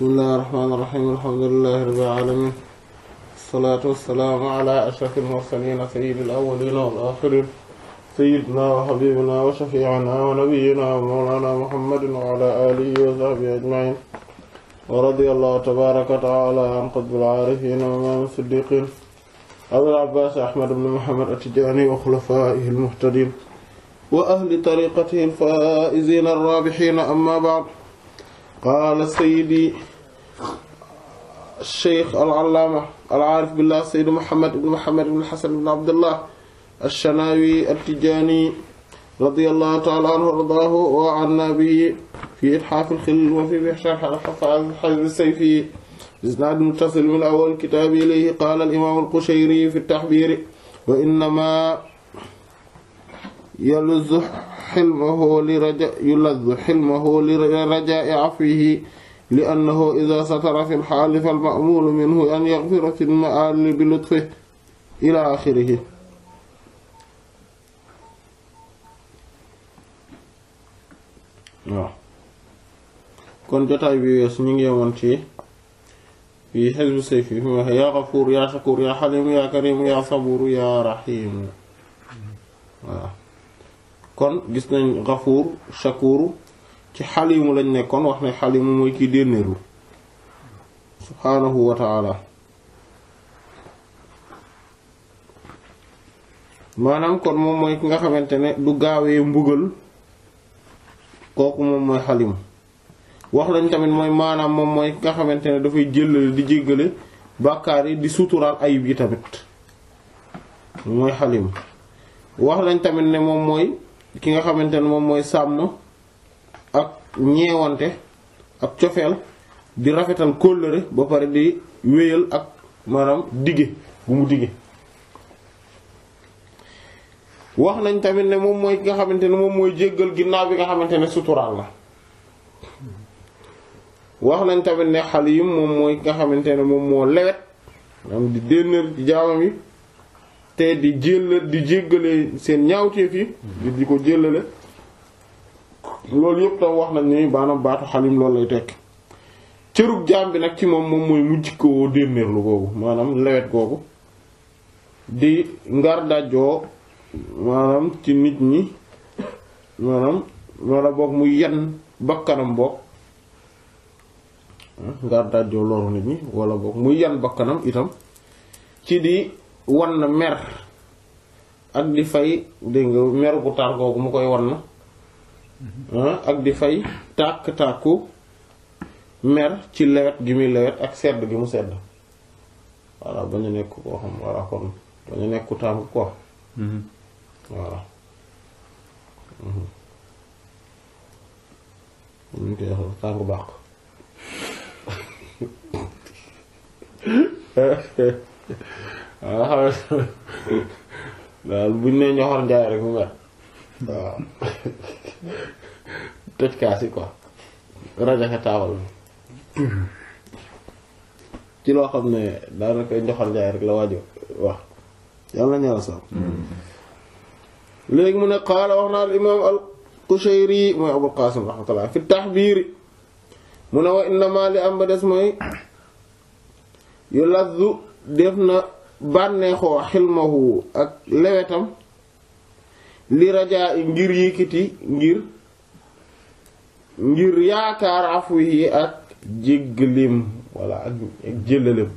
بسم الله الرحمن الرحيم الحمد لله رب العالمين الصلاة والسلام على أشرف المرسلين سيد الأولين والآخرين سيدنا وحبيبنا وشفيعنا ونبينا ومولانا محمد وعلى آله وصحبه أجمعين ورضي الله تبارك وتعالى عن قدر العارفين وإمام الصديقين أبو العباس أحمد بن محمد التجاني وخلفائه المهتدين وأهل طريقته الفائزين الرابحين أما بعد قال سيدي الشيخ العلامة العارف بالله سيد محمد بن محمد بن الحسن بن عبد الله الشناوي التجاني رضي الله تعالى عنه وارضاه وعنا به في إتحاف الخلل وفي شرح الحجر السيفي إزناد متصل من أول كتاب إليه قال الإمام القشيري في التحبير وإنما يلذ حلمه لرجاء يلذ حلمه لرجاء عفوه لأنه إذا ستر في الحال فالمأمول منه أن يغفر في المآل بلطفه إلى آخره كون جتاي بي ويس نيغي يمونتي بي حزب سيف يا غفور يا شكور يا حليم يا كريم يا صبور يا رحيم كون غيس غفور شكور ci xalimu lañ nekkoon wax ne xalimu mooy kii dénnéerlu subhaanahu wa taala maanaam kon moom mooy ki nga xamante ne du gaawee mbugal kooku moom mooy xalimu wax lañ tamit mooy maanaam moom mooy ki nga xamante ne dafay jëllale di jéggale bàkkaar yi di suturaal ayib yi tamit mooy xalimu wax lañ tamit ne moom mooy ki nga xamante ne moom mooy sàmm ak ñeewante ak cofeel di rafetal kóllëre ba pare di wéyal ak maanaam dige bu mu dige wax nañ tamit ne moom mooy nga xamante ne moom mooy jéggal ginnaaw bi nga xamante ne suturaal la wax nañ tamit ne xaliim moom mooy nga xamante ne moom moo lewet di dénnéer ci jaamam yi te di jéllal di jéggalee seen ñaawteef yi di ko jéllale loolu yëpp tam wax nañ ni baanaam baatu xalim loolu lay tekk cëru jaam bi nag ci moom moom mooy mu ko dénnéerlu googu maanaam lewet googu di ngar dajoo maanaam ci nit ñi maanaam wala boog mu yenn bakkanam boog ah, ngar nit ñi wala boog mu yenn bakkanam itam ci di wan mer ak di fay dégg nga mer gu tar googu mu koy wan ak di fay tàkk tàkku mer ci lewet gi muy lewet ak sedd gi mu sedd voilà ba ñu nekk koo xam voilà kon ba mhm. mhm. ñu nekk tàng quoi waaw daal buñ ne njaay rek mu mer waaw tëj kaas yi quoi rajaxe taawal ci loo xam ne daanaka njoxal njaay rek la waaju wax yàlla ñaar sax léegi mu ne qaala wax naa al imaam al Qushayri mooy Abul Qaasim rahmatullah fi tahbiiri mu ne wa innama li am ba des mooy yu lazzu def na bànneexoo xilmahu ak lewetam li rajaa ngir yëkkati ngir ngir yaakaar afu yi ak jéggalim walla ak jëlalem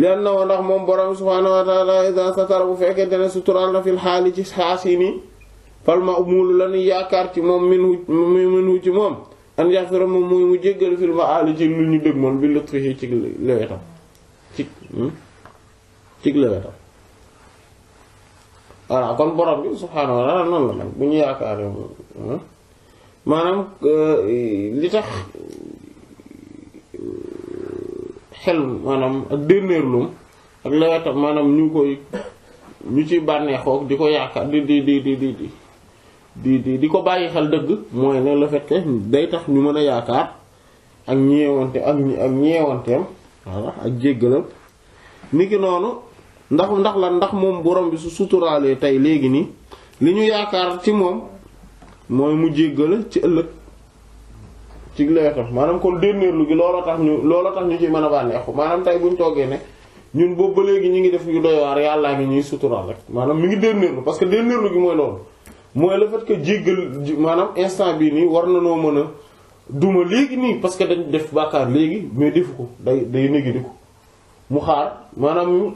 lenn na ndax moom borom subhaanahu wa ta'ala iza satara bu fekkente ne sutural na fil xaali ci xaasi nii falma umulu lañuy yaakaar ci moom minhu minhu ci moom an yaxfira moom mooy mu jéggal fil maali ci lu ñu dëgg moom bi lutfihi ci lewetam ci hmm? ci lewetam voilà kon borom bi subhaanahu noonu la nag bu ñu yaakaare maanaam euh, li tax euh, xel manaam ak dënneerlum ak lewetam maanaam ñu koy ñu ci bànneexoo di ko yaakaar di di di di di di di di ko bàyyi xel dëgg mooy ne le fait day tax ñu mën a yaakaar ak ñeewante ak ak ñeewanteem voilà ak noonu ndax ndax lan ndax moom borom bi su suturaalee tey léegi nii li ñu yaakaar ci moom mooy mu jéggale ci ëllëg ci leetam maanaam kon dénnéerlu gi looloo tax ñu looloo tax ñu ci mën a bànneexu maanaam tey buñ toogee ne ñun boobu ba léegi ñu ngi def yu doy waar yàllaa ngi ñuy suturaal rek maanaam mi ngi dénnéerlu parce que dénnéerlu gi mooy loolu mooy le fait que jéggal maanaam instant bii nii war na noo mën a duma léegi nii parce que dañ def bàkkaar léegi mais defu ko day day néegi ko mu xaar maanaam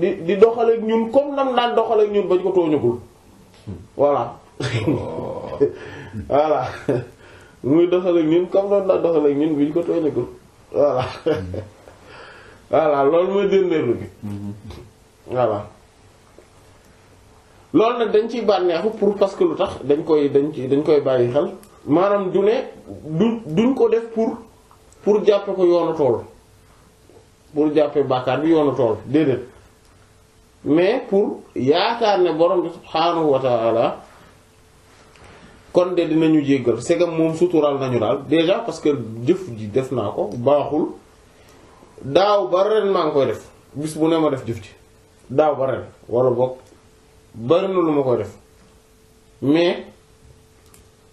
di di doxaleeg ñun comme nam daan doxaleeg ñun ba ñu ko tooñagul voilà voilà muy doxaleeg ñun comme nam daan doxaleeg ñun bu ñu ko tooñagul voilà voilà loolu mooy dénneelu bi voilà loolu nag dañ ciy bànneexu pour parce que lu tax dañ koy dañ ci dañ koy bàyyi xel maanaam du ne du duñ ko def pour pour jàppe ko yoonu tool pour jàppee bàkkaar bi yoonu tool déedéet mais pour yaakaar ne borom bi subhaanahu wa ta'ala kon de dinañu jéggal segam moom suturaal nañu daal déjà parce que jëf ji def naa ko baaxul daaw ba ren maa ngi koy def bis bu ne ma def jëf ji daaw ba ren wala boog bari na lu ma koy def mais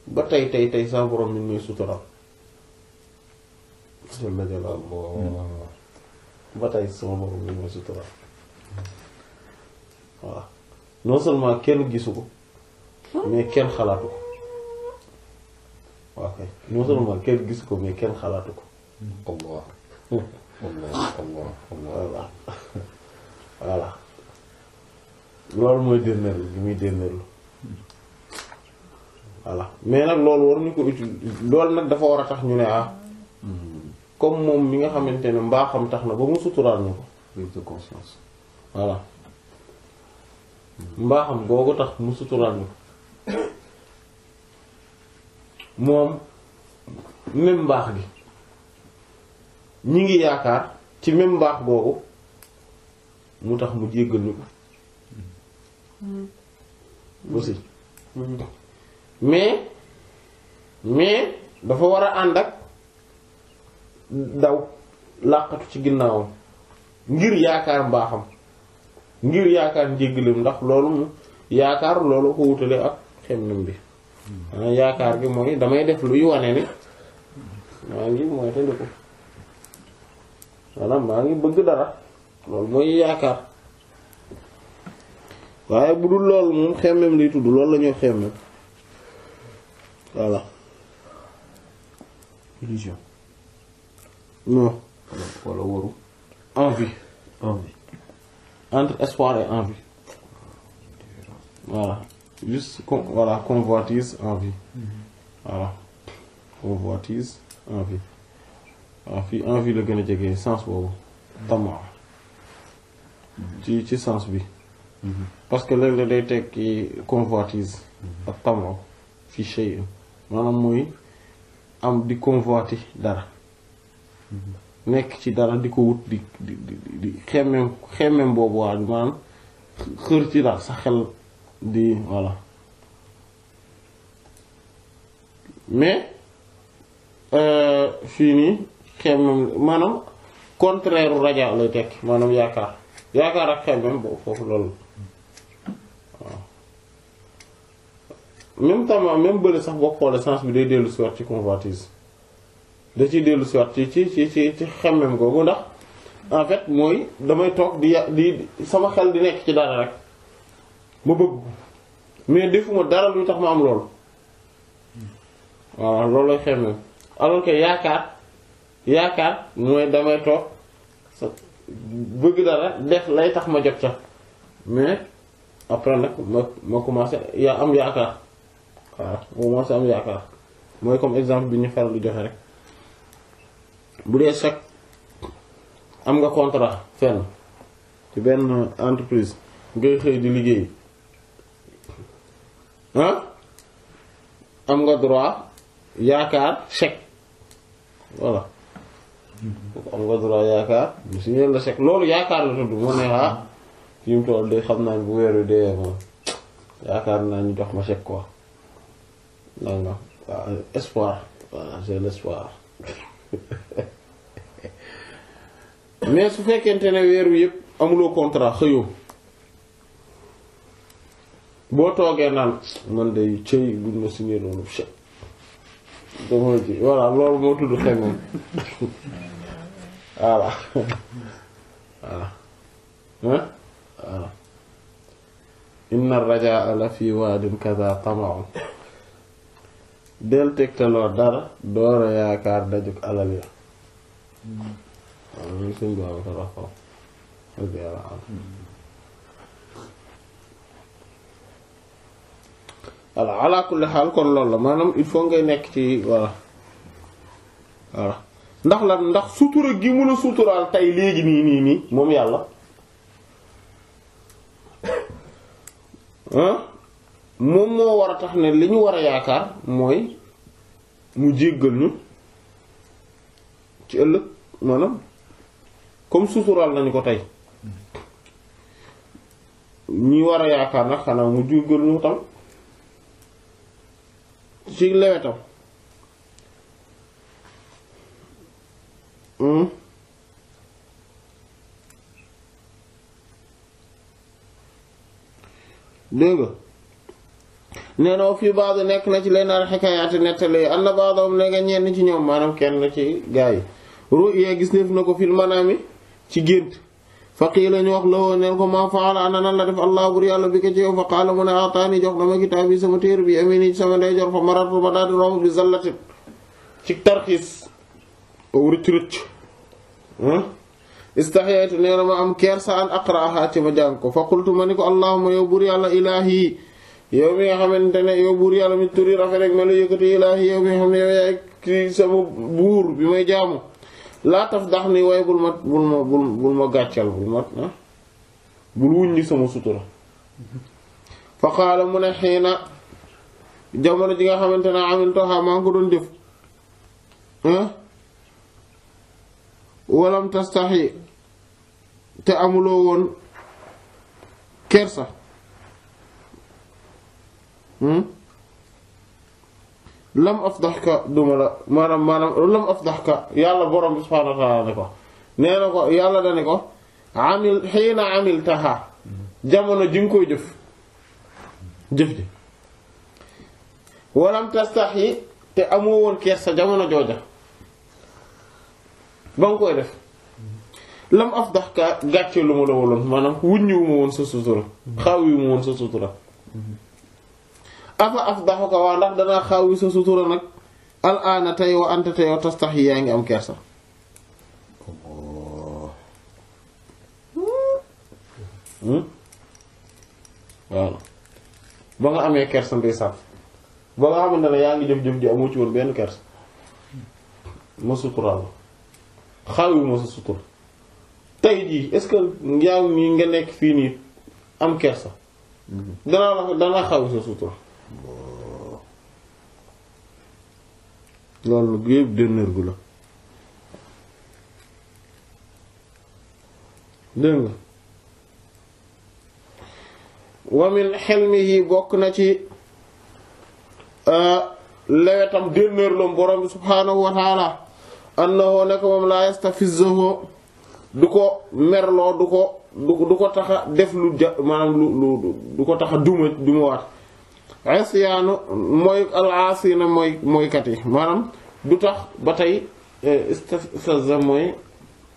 ba tey tey tey sa borom mi muy suturaal ba tey sama borom bi mooy sutura waaw non seulement kenn gisu ko mais kenn xalaatu ko waaw kay non seulement kenn gisu ko mais kenn xalaatu ko. Allah Allah Allah loolu mooy dénneerlu bi muy dénneerlu voilà mais nag loolu war ñu ko loolu nag dafa war a tax ñu ne ah. comme moom mi nga xamante ne mbaaxam tax na ba mu suturaal ñu ko. prise de conscience. voilà mbaaxam googu tax mu suturaal ñu ko moom même mbaax gi ñi ngi yaakaar ci même mbaax googu mu tax mu jéggal ñu ko. Hmm. aussi hmm. mais mais dafa war a ànd ak. daw làqatu ci ginnaawam ngir yaakaar mbaaxam ngir yaakaar njéggalam ndax loolu mu yaakaar loolu ko wutale ak xemnam bi yaakaar gi mooy damay def luy wane ne maa ngi mooy te ko maanaam maa ngi bëgg dara loolu mooy yaakaar waaye bu dul loolu moom xemmem lay tudd loolu lañuy ñuy xemmem non envie envie entre espoir et envie voilà juste con voilà convoitise envie mm -hmm. voilà convoitise envie Envie, envie le gën de sens tu tamaa mhm. sens bi mhm. parce que l'œil de l'été qui convoitise mhm. ak fiché fi shay'in moi am di convoiter dara nekk ci dara di ko wut di di di xemmem xemmem boobu waa ci daal sa xel di voilà mais euh, fii nii xemmem maanaam contraire u raja lay tekk maanaam yaakaar yaakaar ak xemmem boobu foofu loolu waaw même temps même bële sax boo xoolee sens bi day dellu si wax ci convoitise da ci dellu si waat ci ci ci ci ci xemmem ndax en fait mooy damay toog di di sama xel di nekk ci dara rek ma bëgg mais defuma dara luy tax ma am loolu waaw loolu lay xemmem alors que yaakaar yaakaar mooy damay toog bëgg dara def lay tax ma jot sa mais après nag ma ma commencé yaa am yaakaar waaw ma commencé am yaakaar mooy comme exemple bi ñu feral di joxe rek bu dee chèque am nga contrat fenn ci benn entreprise ngay xëy di liggéey ah am nga droit yaakaar chèque voilà am nga droit yaakaar bu si ñeen la chèque loolu yaakaar la tudd mu neexaa ah, fi toll de xam naa bu weeru dee moom yaakaar naa ñu jox ma chèque ko nanga waaw espoir voilà c'est l'espoir mais su fekkente ne weer wi yëpp amuloo contrat xëyoo boo toogee naan man day cëy buñ ma signé noonu chep dama ji voilà loolu moo tudd xëy moom voilà voilà voilà inna rajaa la fi waadin kaza tama'un del tegtaloo dara door a yaakaar dajug alal ya waaw suñ boobu ko wax ko voilà ala kulli xaal kon loolu la maanaam il faut ngay nekk ci voilà voilà ndax lan ndax sutura gi mun a suturaal tey léegi nii nii nii moom yàlla ah moom moo war a tax ne li ñu war a yaakaar mooy mu jéggal ñu ci ëllëg maanaam comme sutural nañu ko tey ñi war a yaakaar nag xanaa mu jéggal ñu tam ci lewetam hmm. dégg nee na fii baadu nekk na ci leen al xikaayaati nettali anna baadahum ne nga ñenn ci ñoom maanaam kenn ci gaa yi ru'ya gis neef na ko fil ci gént faqiila ñu wax la woon neen ko ma faala ana nan la def allah bur yàlla bi ko ci yow fa qaala mu ne téer bi amee nii ma daal hmm? na ma am kersa ci ma jàng ko fa qultu ma ni ko allahumma yow bur yàlla ilaahi yow mi nga xamante ne yow buur yàlla mi turi rafet rek ma la yëkkati ilaahi yow mi nga xam ne yow yaay ci sama buur bi may jaamu laa taf dax ni waaye bul ma bul ma bul ma gàccal bul ma ah, bul wuññi sama sutura fa qaala mu ne xiina jamono ji nga xamante ne amiltoxaa maa ngi ko doon jëf ah, walam tastaxi te amuloo woon kersa Hmm? lam afdaxka duma la maanaam maanaam lam afdaxka yàlla borom bi subhaanahu wa taala ne ko nee na ko yàlla dane ko amil xiina amil taxa jamono ji nga koy jëf jëf ji walam tastax yi te amoo woon kees sa jamono jooja ba nga koy def lam afdaxka gàcce lu ma la woloon maanaam wuññiwu ma woon sa sutura xaaw yu ma woon sa sutura afa afdaxuka waa ndax danaa xaawi sa sutura nag al aana tey wa anta tey wa tas tax yi yaa ngi am kersa hmm? waaw ba nga amee kersa ndey sàpp ba nga ne yaa ngi jëf jëf ji amoo ci benn kersa ma suturaal xaawi sa sutur tey jii est-ce que yaa ngi nga nekk fii nii am kersa hmm. danaa la danaa xaawi sa sutura loolu yëpp dénneur gu la dégg nga wa min xelmihi bokk na ci lewetam dénneur lom borom bi subhanahu wa taala annahu naka moom laa yastafizahu du ko merloo du ko du ko taxa def lu maanaam lu lu du ko taxa duma dumawaat asiyaanu mooy alaasina mooy mooykat yi maanaam du tax ba tey eh, istazza mooy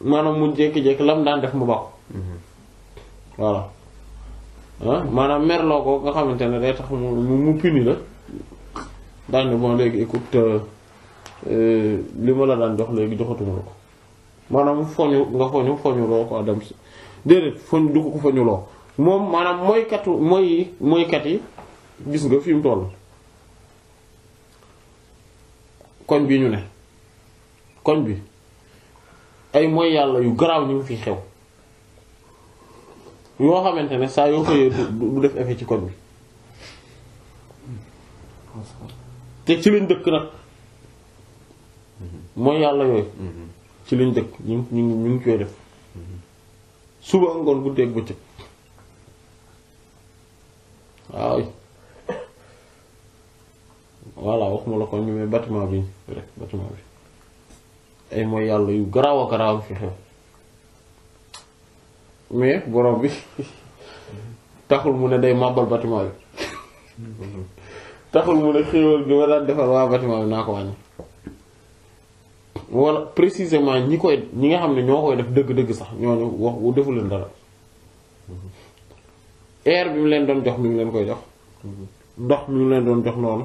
maanaam mu jékki-jékki lam daan def mu baax voilà ah, maanaam merloo ko nga xamante ne day tax mu mu pini la daan ne bon léegi écoute euh, euh, li ma la daan jox léegi joxatuma la ko maanaam foñu nga foñu foñu loo ko dem si déedéet foñ du ko foñu loo moom maanaam mooy katu mooy mooykat yi gis nga fi mu toll koñ bi ñu ne koñ bi ay mooy yàlla yu garaaw ñu ngi fi xew yoo xamante ne saa yoo xëyee du def effet ci koñ bi te ci lañ dëkk nag mooy yàlla yooyu ci lañ dëkk ñu ñu ñu ngi koy def suba ngoon guddeeg bëccëg waaw voilà waxuma la ko ñu mais bi rek bâtiment bi ay mooy yàlla yu garaaw a fi xew mais borom bi taxul mu ne day màbbal bâtiment bi taxul mu ne xéewal bi ma daan defar waa bâtiment bi naa ko wàññi wala précisément ñi koy ñi nga xam ne ñoo koy def dëgg-dëgg sax ñooñu wax wu defu leen dara air bi mu leen doon jox mi ngi leen koy jox ndox mi ngi leen doon jox noonu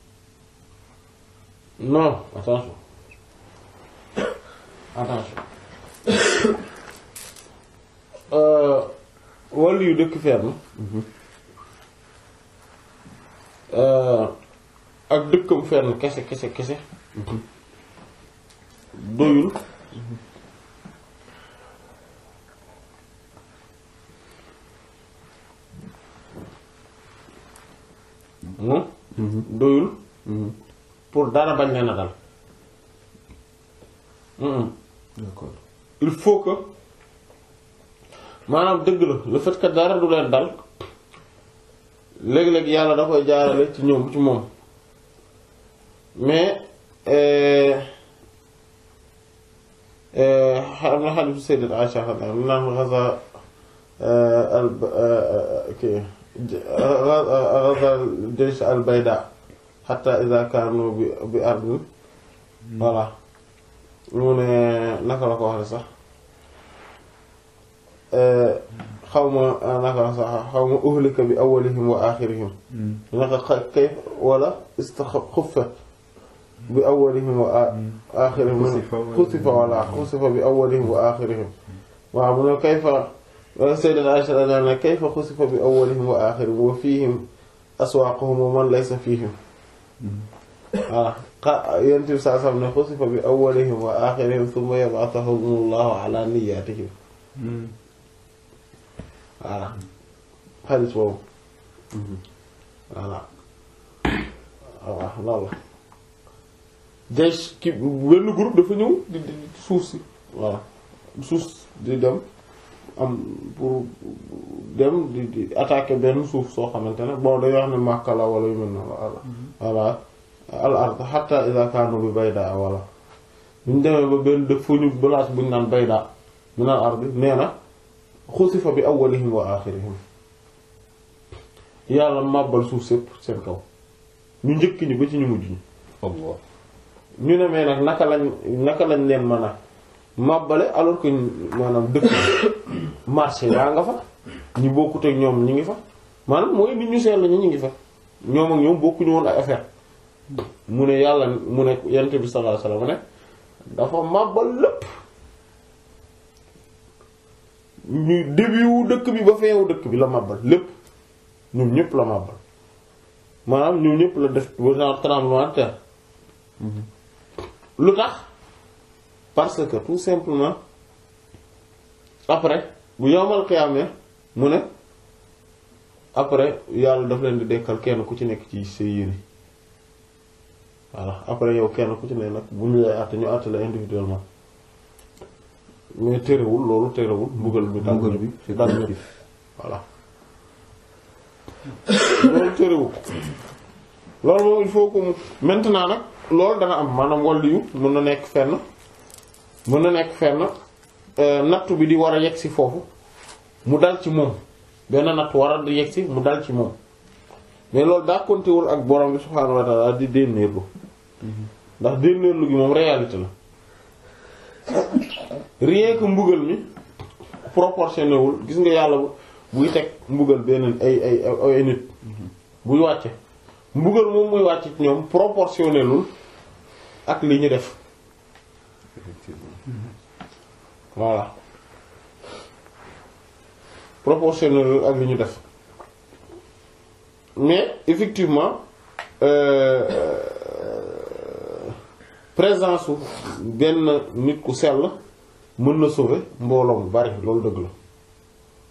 non attention attention euh, wàllu yu dëkk ferme mhm. euh, ak dëkkam fenn kese kese kese mhm. doyul mhm. doyul pour dara bañ leen nagal hmm d'accord il faut que manam deug la le fait que dara dou len dal leg leg yàlla da koy jaarale ci ñoom ci mom mais euh euh xadiis Sayyidat Aisha xam al gaza hatta iza kaanu bi bi ardin voilà mu naka la ko waxee sax xaw xawma naka la sax xawma uhlika bi awwalihim wa akhirihim naka kay wala istaxuffa bi awwalihim wa akhirihim xusifa wala xusifa bi awwalihim wa akhirihim wa mu ne kayfa sayyidina Aisha radiyallahu kayfa xusifa bi awwalihim wa akhirihim wa fihim aswaaquhum wa man laysa fihim voilà ah, xa yonent bi saa sam ne xusifa bi awwalihim wa aaxirihim summa yab'athuhumullahu ala niyyatihim hmm. voilà xadis boobu hmm. voilà waaw loolu la jaysh ki benn groupe dafa ñëw di di suuf si voilà suuf di dem am pour dem di di attaquer benn suuf soo xamante ne bon day wax ne Makka la wala yu mel noonu voilà mhm. al ard hatta iza kaanu bi bayda wala bu ñu demee ba benn dëkk fu ñu balaas bu naan bayda mu naan ard nee na xusifa bi awwalihim wa axirihim yàlla màbbal suuf sépp seen kaw ñu njëkk ñi ba ci ñu mujj ñi ñu ne mais nag naka lañ naka lañ leen mën màbbale alors que maanaam dëkk marché yaa nga fa ñi bokkut ñoom ñi ngi fa maanaam mooy nit ñu sell ñi ñu ngi fa ñoom ak ñoom bokkuñu woon ay affaire mu ne yàlla mu ne yonent bi sallallahu alayhi wasallam dafa màbbal lépp ñu début wu dëkk bi ba feewu dëkk bi la màbbal lépp ñoom ñëpp la màbbal maanaam ñoom ñëpp la def genre tremblement de terre mm-hmm. lu tax parce que tout simplement après bu yowmal xiyaamee mu ne après yàlla daf leen di dekkal kenn ku ci nekk ci sa yére voilà après yow kenn ku ci ne nag bu ñu lay àtte ñu àtte la individuellement mais terewul loolu terewul mbugal bi mbugal bi c'est collectif voilà loolu terewul loolu moom il faut que mu maintenant nag loolu dana am maanaam wàll yu mën na nekk fenn mën na nekk fenn euh, nattu bi di war a yegg si foofu mu dal ci moom benn natt war a yegg mu dal ci moom mais loolu daa kontewul ak borom bi subhaanahu wa taala di dénneerlu ndax dénneerlu gi moom réalité la rien mbugal mi proportionné wul gis nga yàlla buy teg mbugal beneen ay ay ay nit buy wàcce mbugal moom muy wàcce ci ñoom proportionné ak li ñu def effectivement voilà proportionnel ak li mais effectivement euh, euh, présence su benn nit mon sell mën sauver bon long bari loolu de la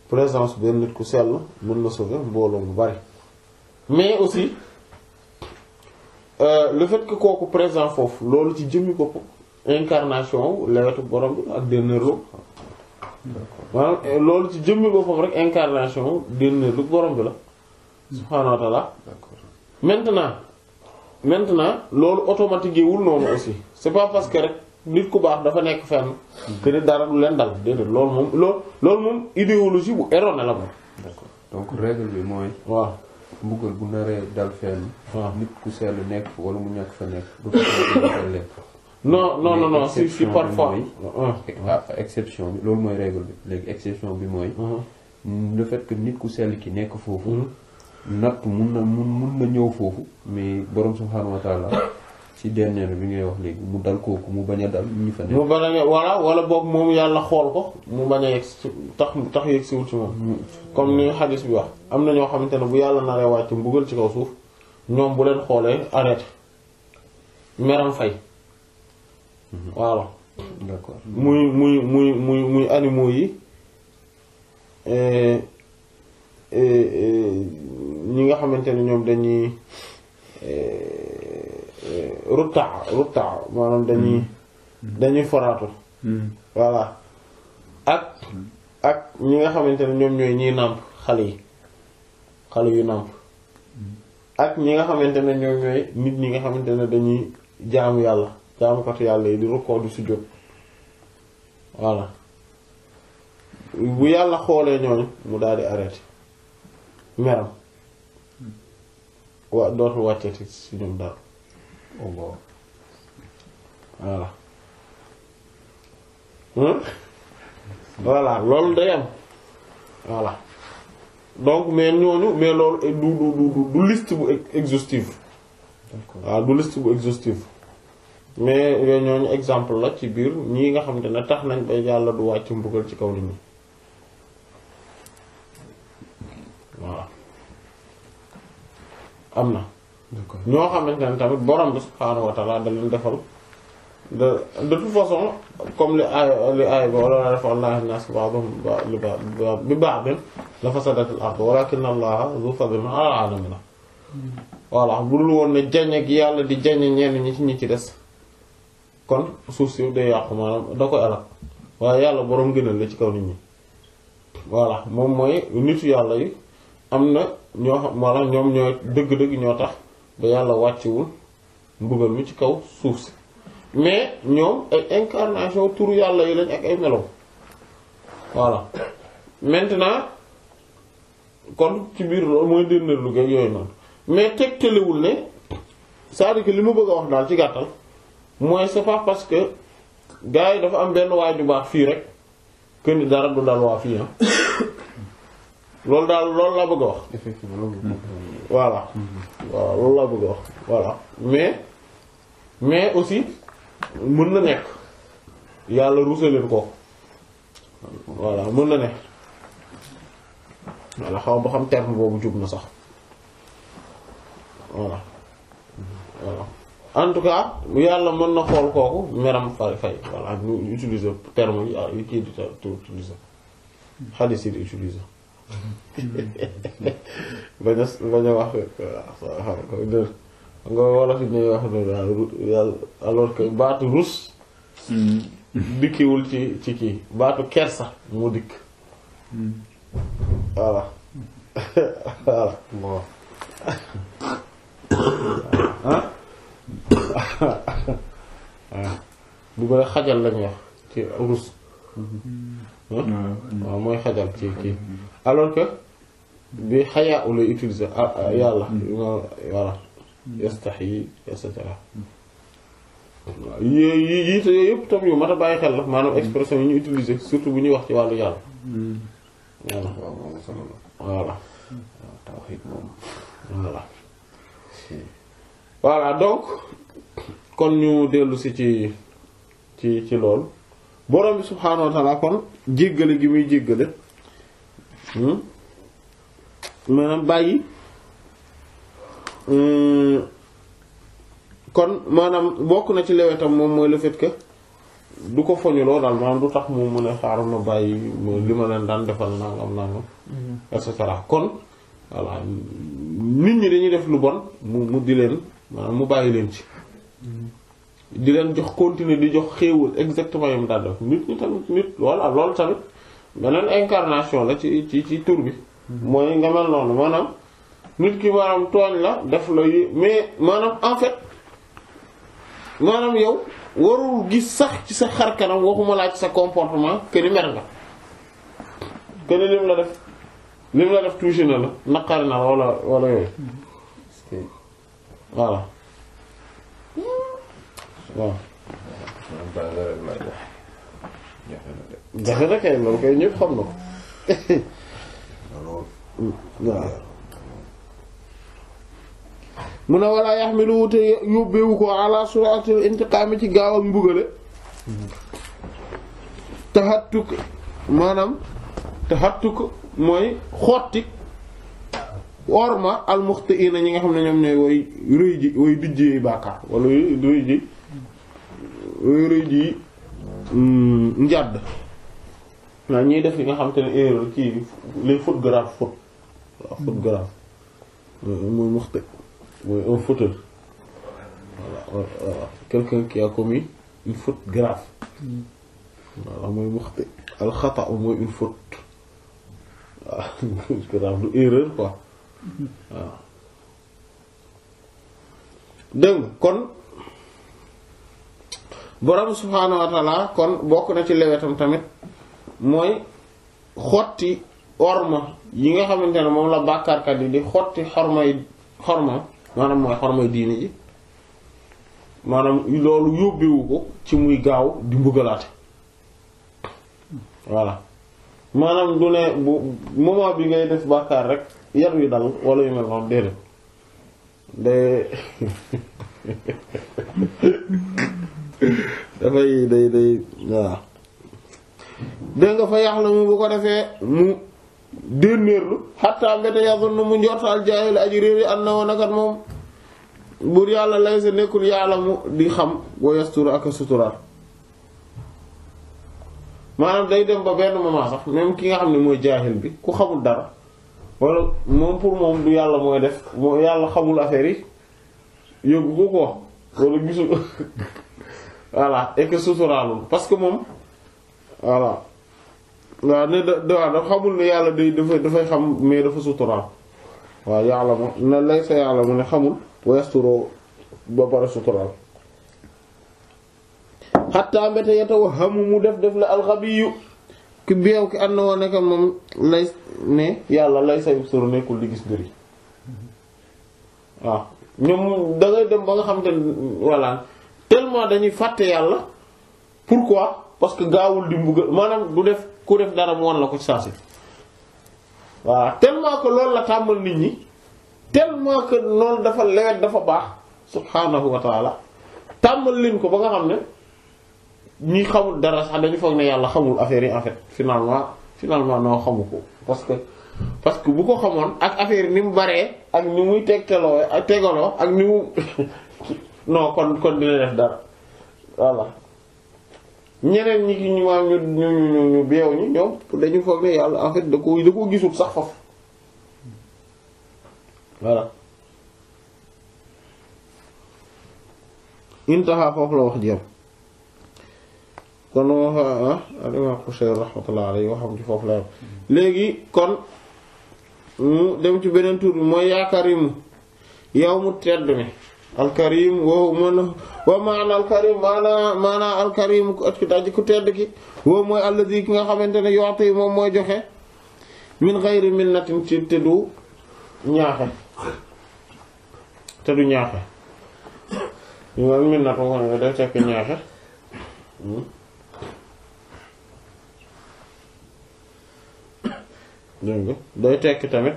présence bien nit ku mon mën sauver bon long bari mais aussi euh, le fait que quoi que présent foofu loolu ci jëmmi incarnation lewetu borom bi ak dënneerlu maanaam eh, loolu ci jëmmi boppam rek incarnation dënneerlu borom bi la subhaanahu wa ta'ala maintenant maintenant loolu automatique wul noonu aussi c'est pas parce que rek nit ku baax dafa nekk fenn que ni dara du leen dal déedéet loolu moom loolu moom idéologie bu erronée la moom d'accord règle bi mooy waaw mbugal bu naree dal fenn nit ku sell nekk wala mu ñàkk fa nekk du ko non non non non si si parfois ah, ah. Ah, exception bi moy règle bi léegi exception bi mooy le fait que nit ku sel ki nek fofu hmm. natt mun na mun mun na ñëw foofu mais borom subhanahu wa taala ci dernier bi ngay wax léegi mu dal koku mu baña dal ñu fa nekk mu baña wala wala bok mom yalla xol ko mu baña a tax tax yegg siwul ci moom hmm. comme ni hadith bi wax am na ñoo xamante ne bu yàlla naree wàcc mbugal ci kaw suuf ñoom bu len xolé arrêté meram fay Mhm. voilà mm. d'accord mm. muy muy muy muy muy yi eh, eh, eh, ñi nga xamante ne ñoom dañuy rutaa rutaa maanaam dañuy mm. dañuy foraatu voilà ak ak ñi nga xamante ne ñoom ñooy ñiy nàmp xale yi xale yu nàmp ak ñi nga xamante ne ñoom ñooy nit ñi nga xamante ne dañuy jaamu yàlla jaamukatu yàlla yi di rukkoo di sujjóot voilà bu yàlla xoolee ñooñu mu daal di arrêté meram wa dootul wàccati si ñoom daal oh, voilà hmm? voilà loolu day am voilà donc mais ñooñu mais loolu du du du du liste bu exhaustive waaw du liste bu exhaustive mais yooyu ñooñu exemple la ci biir ñii nga xamante ne tax nañ ba yàlla du wàcc mbugal ci kaw nit ñi waaw am na ñoo xamante ne tamit borom bi subhaanahu wa ta'ala defal de façon comme li aay li aay ba wala dafa allah nas ba'dhum li ba'd la fasadatil ard walakin allah zu fadlin ala hmm. bu dul woon ne jañe gi yàlla di jañe ñenn ñi ci ñi ci des kon suuf si day yàqu ma da koy alal waaye yàlla boroom gënal la ci kaw nit ñi voilà moom mooy nitu yàlla yi am na ñoo xam walla ñoom ñooy dëgg-dëgg ñoo tax ba yàlla wàccewul mbugal mi ci kaw suuf si mais ñoom ay incarnation turu yàlla yi lañ ak ay melow voilà maintenant kon ci biir loolu mooy dénna lu gay yooyu ma mais tegtalewul ne cest à li ma bëgg a wax daal ci gàttal mooy c'est pas parce que gars yi dafa am benn waa ju baax fii rek que ni dara du dal waa fii ah loolu daal loolu laa bëgg a mm-hmm. waaw loolu laa bëgg a wax voilà mais mais aussi mën na nekk yàlla ruusaleen ko voilà mën na ne voilà xaw ba xam terme boobu jub na sax voilà en tout cas yàlla mën na xool kooku meram fay fay voilà ñu utiliser terme yi ah yu kii di utiliser xaalis yi di utiliser bañ a bañ wax nga wolof yi ñuy wax ne daal alors que baatu rus dikkiwul ci ci kii baatu kersa mu dikk voilà voilà dugal xajal lañuy wax ci rus waaw moy xajal ci ki alors que bi xayaa ou le utiliser yàlla voilà yastaxyi et cetera yi yi yii yooyu tam yu mata baye xel manam expression yi ñu utiliser surtout bu ñu wax ci walu yàlla voilà voilà tawhid moom voilà voilà donc kon ñu dellusi ci ci ci lool borom bi subhaanahu wa kon jéggale gi muy jéggale hmm? maanaam bàyyi hmm, kon maanaam bokk na ci lewetam moom mooy le fait du ko foñuloo daal maanaam du tax mu mën a xaaral ma bàyyi li ma leen daan defal nangam nangam mhm. et cetera kon voilà nit ñi dañuy def lu bon mu mu di leen maanaam mu bàyyi leen ci di leen jox continuer di jox xéewal exactement yam daan def nit ñi tamit nit voilà loolu tamit beneen incarnation la ci ci ci tur bi mooy nga mel noonu maanaam nit ki maanaam tooñ la def la mais maanaam en maanaam yow warul gis sax ci sa xar kanam waxuma laa ci sa comportement que ni mer nga que lim la def lim la def touché na la naqari na wala wala yooyu voilà waaw. jafe na kay loolu kay ñëpp xam na ko waaw mu ne walla ci gaaw ak mbugale taxatuk maanaam taxatuk mooy xotti orma almuxtiina ñi nga xam ne ñoom ñooy way rëy ji way dijj yi bàkkaar wala rëy ji way rëy ji mm, njàdd waaw ñuy def yi nga xam te ne erreur kii les fautes graves faute waaw faute grave mooy muxti mooy un fauteur voilà voilà quelqu'un qui a mooy une faute waaw waaw dégg kon borom subhaanahu wa taala kon bokk na ci lewetam tamit mooy xotti orma yi nga xamante ne moom la bàkkaarkat yi di xotti xormay xorma maanaam mooy xormay diini ji maanaam loolu yóbbewu ko ci muy gaaw di mbugalaate voilà maanaam du ne bu moment bi ngay def bàkkaar rek yar wi dal wala yu mel noonu déedéet day dafay day day waaw dégg nga fa yàq la mu bu ko defee mu dénnéerlu xattaa mbéte yàggoon na mu njortaal jaayil aji réer yi ànd na woon moom buur yàlla lay sa nekkul yàlla mu di xam wa ak a suturaat maanaam day dem ba benn moment sax même ki nga xam ne mooy jaahil bi ku xamul dara wala moom pour moom du yàlla mooy def moo yàlla xamul affaire yi yóbbu ko parce que moom voilà waaw ne da dafa yàlla day dafay dafay xam mais dafa suturaal waaw yàlla ma ne lay sa yàlla mu ne xamul westuro ba pare suturaal xatta mbete yatawhamu mu def def la alxabiyu ki beew ki ànd na woon nekk moom lay ne yàlla lay say soro nekkul di gis mbir yi waaw ñoom da dem ba nga xam te voilà tellement dañuy fàtte yàlla pourquoi parce que gaawul di mbugal maanaam du def ku def dara mu na la ko ci saa waaw tellement ko lool la tàmmal nit ñi tellement que loolu dafa lewet dafa baax subhaanahu wa taala tàmmal leen ko ba nga xam ne ñi xamul dara sax dañu foog ne yàlla xamul affaire yi en fait finalement finalement noo xamu parce que parce que bu ko xamoon ak affaire ni mu baree ak ni muy tegtaloo ak tegaloo ak ni mu non kon kon dina def dara voilà ñeneen ñi ki ñu maam ñu ñu ñu beew ñi ñoom dañu foog ne yàlla en fait da ko da ko gisul sax foofu voilà intaha foofu la wax jëm kon ah, al imam Qushayri rahmatullah alayhi ci foofu la léegi kon mu dem ci beneen tur bi mooy yaa karimu yow mu tedd mi alkarim wow mën wa maana alkarim maana maana alkarim ku at ku tedd ki wow mooy alladi ki nga xamante ne yoxtu yi moom mooy joxe min xayri minnatin ci te du ñaaxe te du ñaaxe ñu man minnat moo ko ne def ñaaxe hmm? dégg day tekki tamit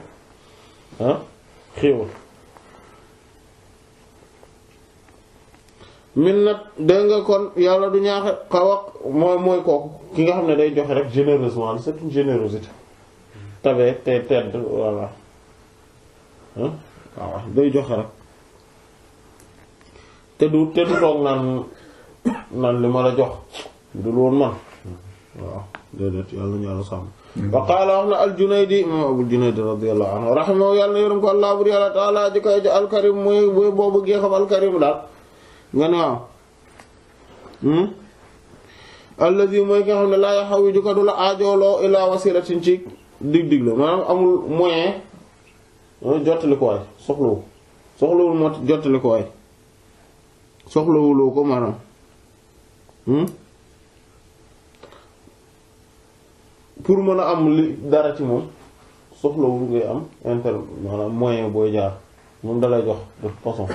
ah xéewal min nag dégg kon yàlla du ñaaxe xaw mooy mooy kooku ki nga xam ne day joxe rek généreusement c'est une générosité tabe te tedd voilà waaw ah day joxe rek te du te du toog naan naan li ma la jox du loon man waaw déedéet yàlla ñu yàlla sàmm wa qaala wax na al-Junaydi moom Abul Junaydi radiyallahu anhu rahimahu yàlla na yërëm ko bu boo bëggee alkarim daal nga ne waaw hmm? allazi mooy ki xam ne laa yaxawiju ko du la aajooloo ilaa wasilatin ci dig dig la maanaam amul moyen jottali ko soxlawul moo jottali soxlawuloo ko maanaam hmm? pour mën a am li dara ci moom soxlawul ngay am inter maanaam moyen booy jaar moom dalay jox de façon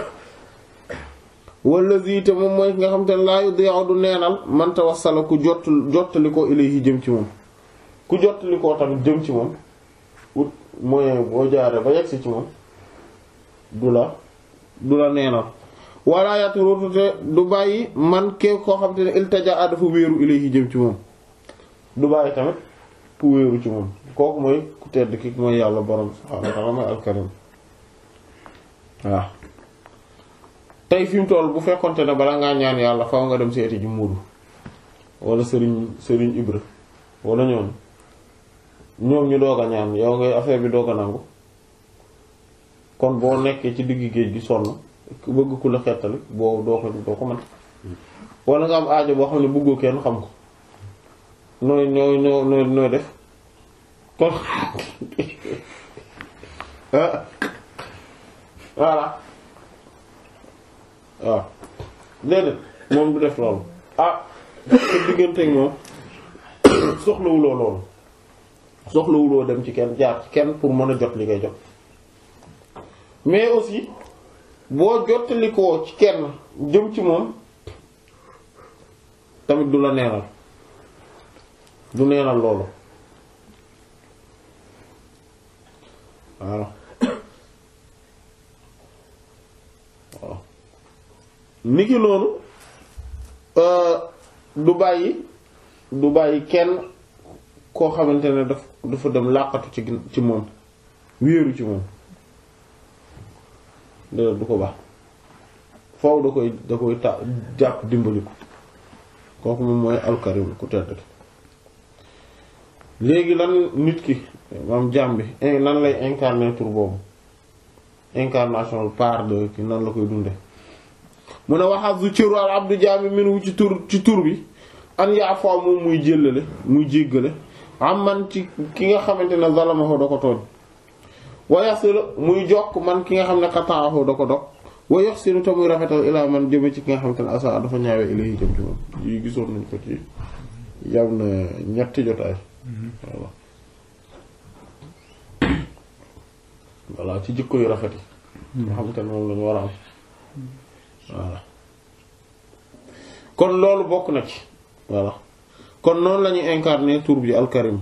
wala ziite moom mooy nga xam ne laayu diyaaw du neenal man tawassala ku jot jottali jëm ci ku jottali koo tamit jëm ci moom ut moyen boo jaaree ba yegsi ci moom du la du la neenal wala yatrutute du bàyyi man ke koo xam te ne iltaja dafa wéeru ilayhi jëm ci moom du bàyyi tamit ku wéeru ci moom kooku mooy ku tedd ki mooy yàlla borom subhaanahu wa ta'aala tey fi mu toll bu fekkonte ne bala ngaa ñaan yàlla faw nga dem seeti ji muudu wala sëriñ sëriñ Ibra wala ñoom ñoom ñu doog a ñaan yow ngay affaire bi doog a nangu kon boo nekkee ci digg géej gi sonn bëgg ku la xettali boo doo ko doo ko mën wala nga am aajo boo xam ne bëggoo kenn xam ko nooy nooy nooy nooy def kon ah. voilà waaw ah. déedéet moom du def loolu ah sa digganteeg moom soxlawuloo loolu soxlawuloo dem ci kenn jaar kenn pour mën a jot li ngay jot mais aussi boo jottali ci kenn jëm ci moom tamit du la neexal du neenal loolu waaw waaw ni ki noonu euh, du bàyyi du bàyyi kenn koo xamante ne daf dafa dem làqatu ci ci moom wéeru ci moom déedéet du ko baax foofu da koy da koy ta jàpp dimbali ko kooku moom mooy alkarim ku tedd léegi lan nit ki maam jaam bi nan eh, lay incarner tur boobu incarnation part de ki nan la koy dunde mu ne waxaat su cëru al abdu jaam bi min ci tur ci tur bi an yaa foo moom muy jëllale muy jéggale am man ci ki nga xamante ne zalamahu da ko tooñ la muy jokk man ki nga xam ne xataahu da ko dog wa si te muy rafetal ilaa man jëme ci ki nga xamante ne asa dafa ñaawee ilay jëm ci moom yi gisoon nañ ko ci yam na ñetti jotaay waaw ci jikko yu rafet yi nga xamante ne moom lañu ñu war a kon loolu bokk na ci voilà kon noonu la ñuy incarner tur bi alkarim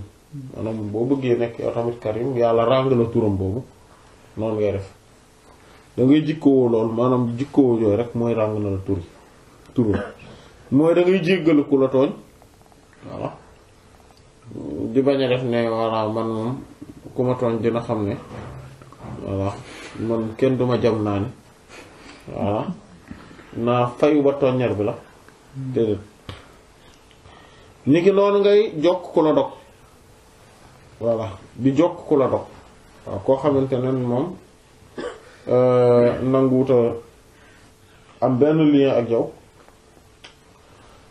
maanaam boo bëggee nekk yow tamit karim yàlla ràng la turam boobu noonu ngay def da ngay loolu maanaam jikkoo yooyu rek mooy ràng na la tur turam mooy da ngay ku la tooñ voilà di baña def ne wala man kuma ton dina xam wala man kenn duma jam naa wala na fayu gitu. ba tooñar bi la dedet niki ki anu ngay jokk ku la dok wala di jokk ku la dok ko xamantene mom euh moom am ben lien ak yow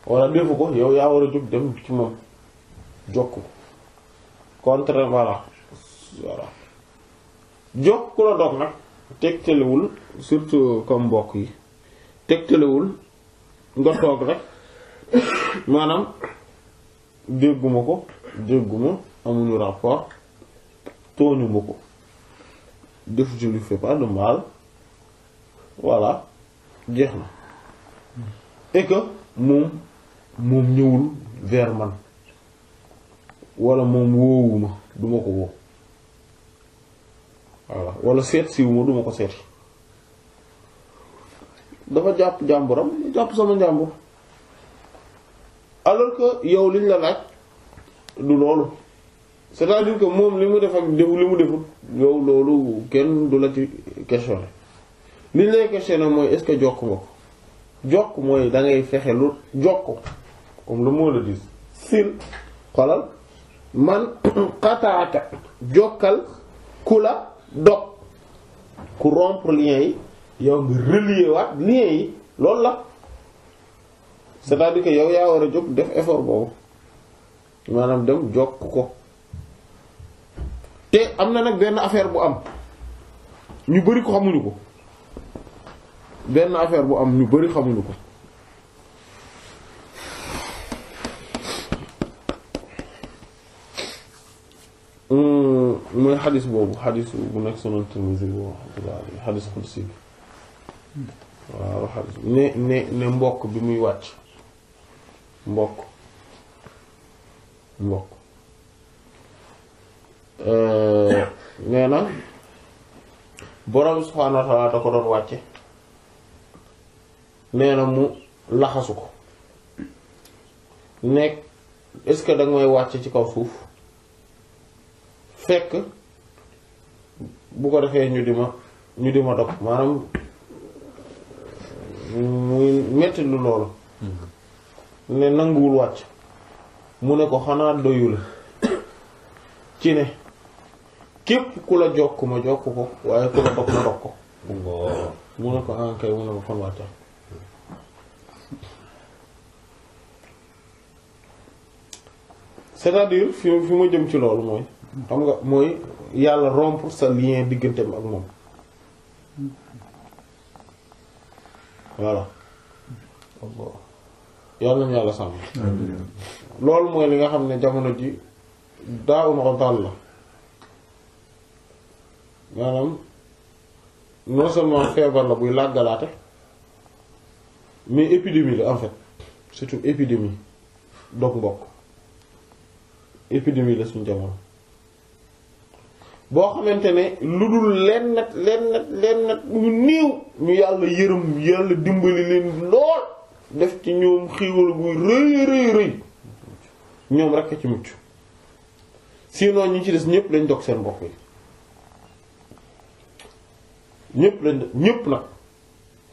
wala defu ko yow ya wara a dem ci mom jokk contraire voilà voilà jokk ku la dog nag tegtalewul surtout comme mbokk yi tegtalewul nga toog rek maanaam dégguma ko dégguma amuñu rapport tooñuma ko def je lui pas de mal voilà jeex na et que moom moom ñëwul vers wala moom wóowuma duma ko woo voilà wala seet siwuma duma ko seeti dafa jàpp jàmburam jàpp sama jàmbur alors que yow liñ la laaj du loolu c'est-à-dire que moom li mu def ak def li mu deful yow loolu kenn du la ci questionné liñ lay questionné mooy est-ce que jokk nga ko jokk mooy da fexe lu jokk comme le mot le dit sil xolal man xataaka jokkal ku la dog ku rompre lien yi yow nga relier waat lien yi loolu la c'est-à-dire que yow yaa war a jóg def effort boobu maanaam dem jokk ko te am na nag benn affaire bu am ñu bari ko xamuñu ko benn affaire bu am ñu bari xamuñu ko mooy boobu xadis bu nekk Sunan Tirmidhi bi waxatulaa xadis bi waaw xadis ne ne ne mbokk bi muy wàcc mbokk mbokk euh, nee na borom subhaanahu wa ta'aala da ko doon wàcce nee na mu laxasu ko nekk est-ce que danga may wàcce ci kaw fuuf fekk bu ko defee ñu di ma ñu di ma dog maanaam muy metti lu loolu mm-hmm. ne nanguwul wàcc mu ne ko xanaa doyul ci ne képp ku la jokk ma jokk ko waaye ku la dog ma dog ko mu ne ko ankay ah, mu ne ko kon wàccal c'est-à-dire fi fi ma jëm ci loolu mooy xam nga mooy yàlla rompre sa lien digganteem ak moom voilà yàlla nañu yàlla sàmm loolu mooy li nga xam ne jamono ji daawul ko tàll la maanaam non seulement feebar la buy làggalaate mais épidémie la en fait surtout épidémie dog mbokk épidémie la suñ jamono boo xamante ne lu dul lenn lenn lenn ñu néew ñu yàlla yërëm yàlla dimbali leen lool def ci ñoom xéewal guy rëy rëy ñoom rekk a ci mucc sinon ñi ci des ñépp lañ dog seen bopp yi ñépp lañ ñépp nag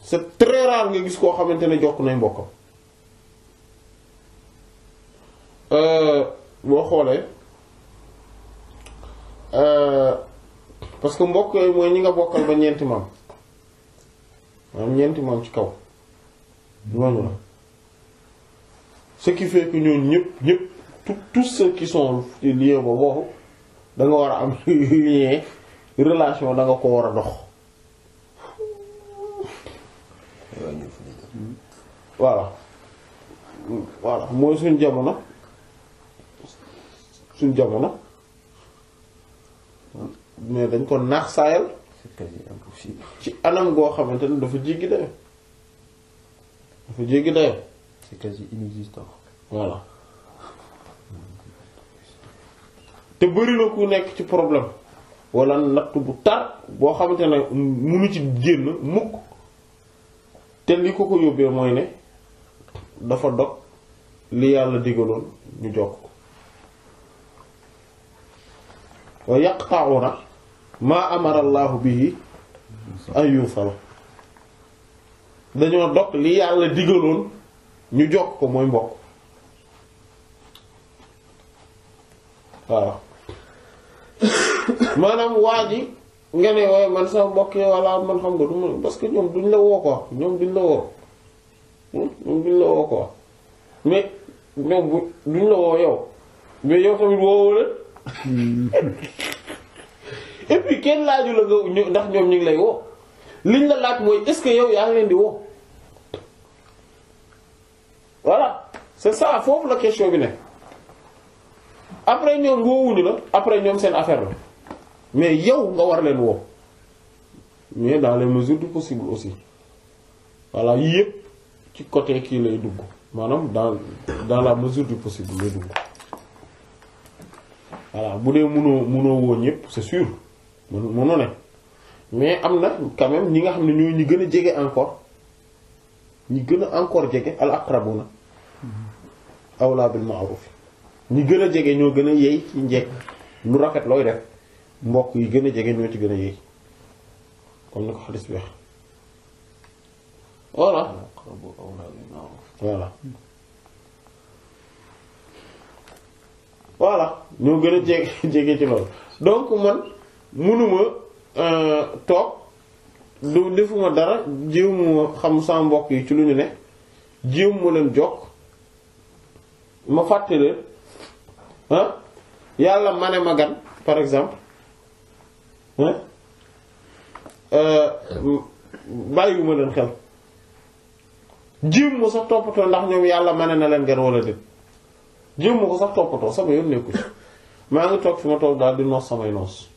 c'est très rare nga gis koo xamante ne jokk nañ mbokkam euh, boo xoolee Euh, parce que mbokk yooyu mooy ñi nga bokkal ba ñeenti maam maanaam ñeenti maam ci kaw ñooñu la ce qui fait que ñooñu ñëpp ñëpp tout tous ceux qui sont ba boobu da nga war a am lien relation da nga ko war a dox voilà voilà mooy suñ jamono suñ jamono mais dañ ko naax saayal ci anam goo xamante ne dafa jéggi dayo dafa jéggi dayo c'est quasi inexistant voilà te bëri ku nekk ci problème wala natt bu tar boo xamante ne mu ci génn mukk te li ko ko yóbbee mooy ne dafa dog li yàlla digaloon ñu jokk ko wa yaqta'una maa amara Allahu bihi an yusala dañoo dog li yàlla digaloon ñu jox ko mooy mbokk waaw maanaam waa ji nga ne waaye man sa mbokk yi walla man xam nga du ma parce que ñoom duñ la woo ko ñoom duñ la woo hmm? ñoom duñ la woo mais ñoom duñ la woo yow mais yow tamit woo la. et puis kenn laaju la nga ndax ñom ñing lay wo liñ la laaj moy est-ce que yow ya ngi leen di wo voilà c'est ça foofu la question bi ne après ñoom woowuñu la après ñom sen affaire mais yow nga war leen wo mais dans les mesures du possible aussi voilà yépp ci côté ki lay dugg manam dans dans la mesure du possible lay dugg voilà bu dee mënoo mënoo woon ñëpp c'est sûr mënu ne mais am na quand ñi nga xam ne ñoo ñu gën a jege encore ñi gën a encore jege al aqrabuna awla bil ma'ruf ñi gën a jege ñoo gën a yey ci njekk lu rafet looy rek mbokk yi gën a jege ñoo ci gën a yey comme ni ko xadis bi wax voilà voilà ñoo gën a jege jege ci loolu donc man mënuma euh, toog du defuma dara jiw mu xam sama mbokk yi ci lu ñu ne jiw ma leen jokk ma fàtte leen ah yàlla ma ne ma gan par exemple euh, bàyyiwuma leen xel jiw ma sax toppatoo ndax ñoom yàlla ma ne na leen gan wala déet jéem ma ko sax toppatoo sama yoon nekku maa ngi toog fi ma toog daal di noos samay noos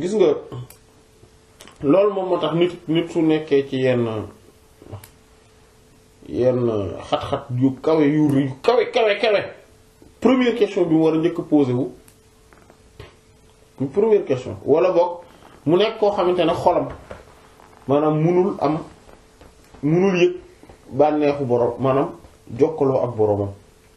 gis nga loolu moom moo tax nit nit su nekkee ci yenn yenn xat-xat yu kawe yu yu kawe kawe kawe première question bi mu war a njëkk posé wu première question walla boog mu nekk koo xamante ne xolam maanaam munul am munul yëg bànneexu borom maanaam jokkaloo ak boromam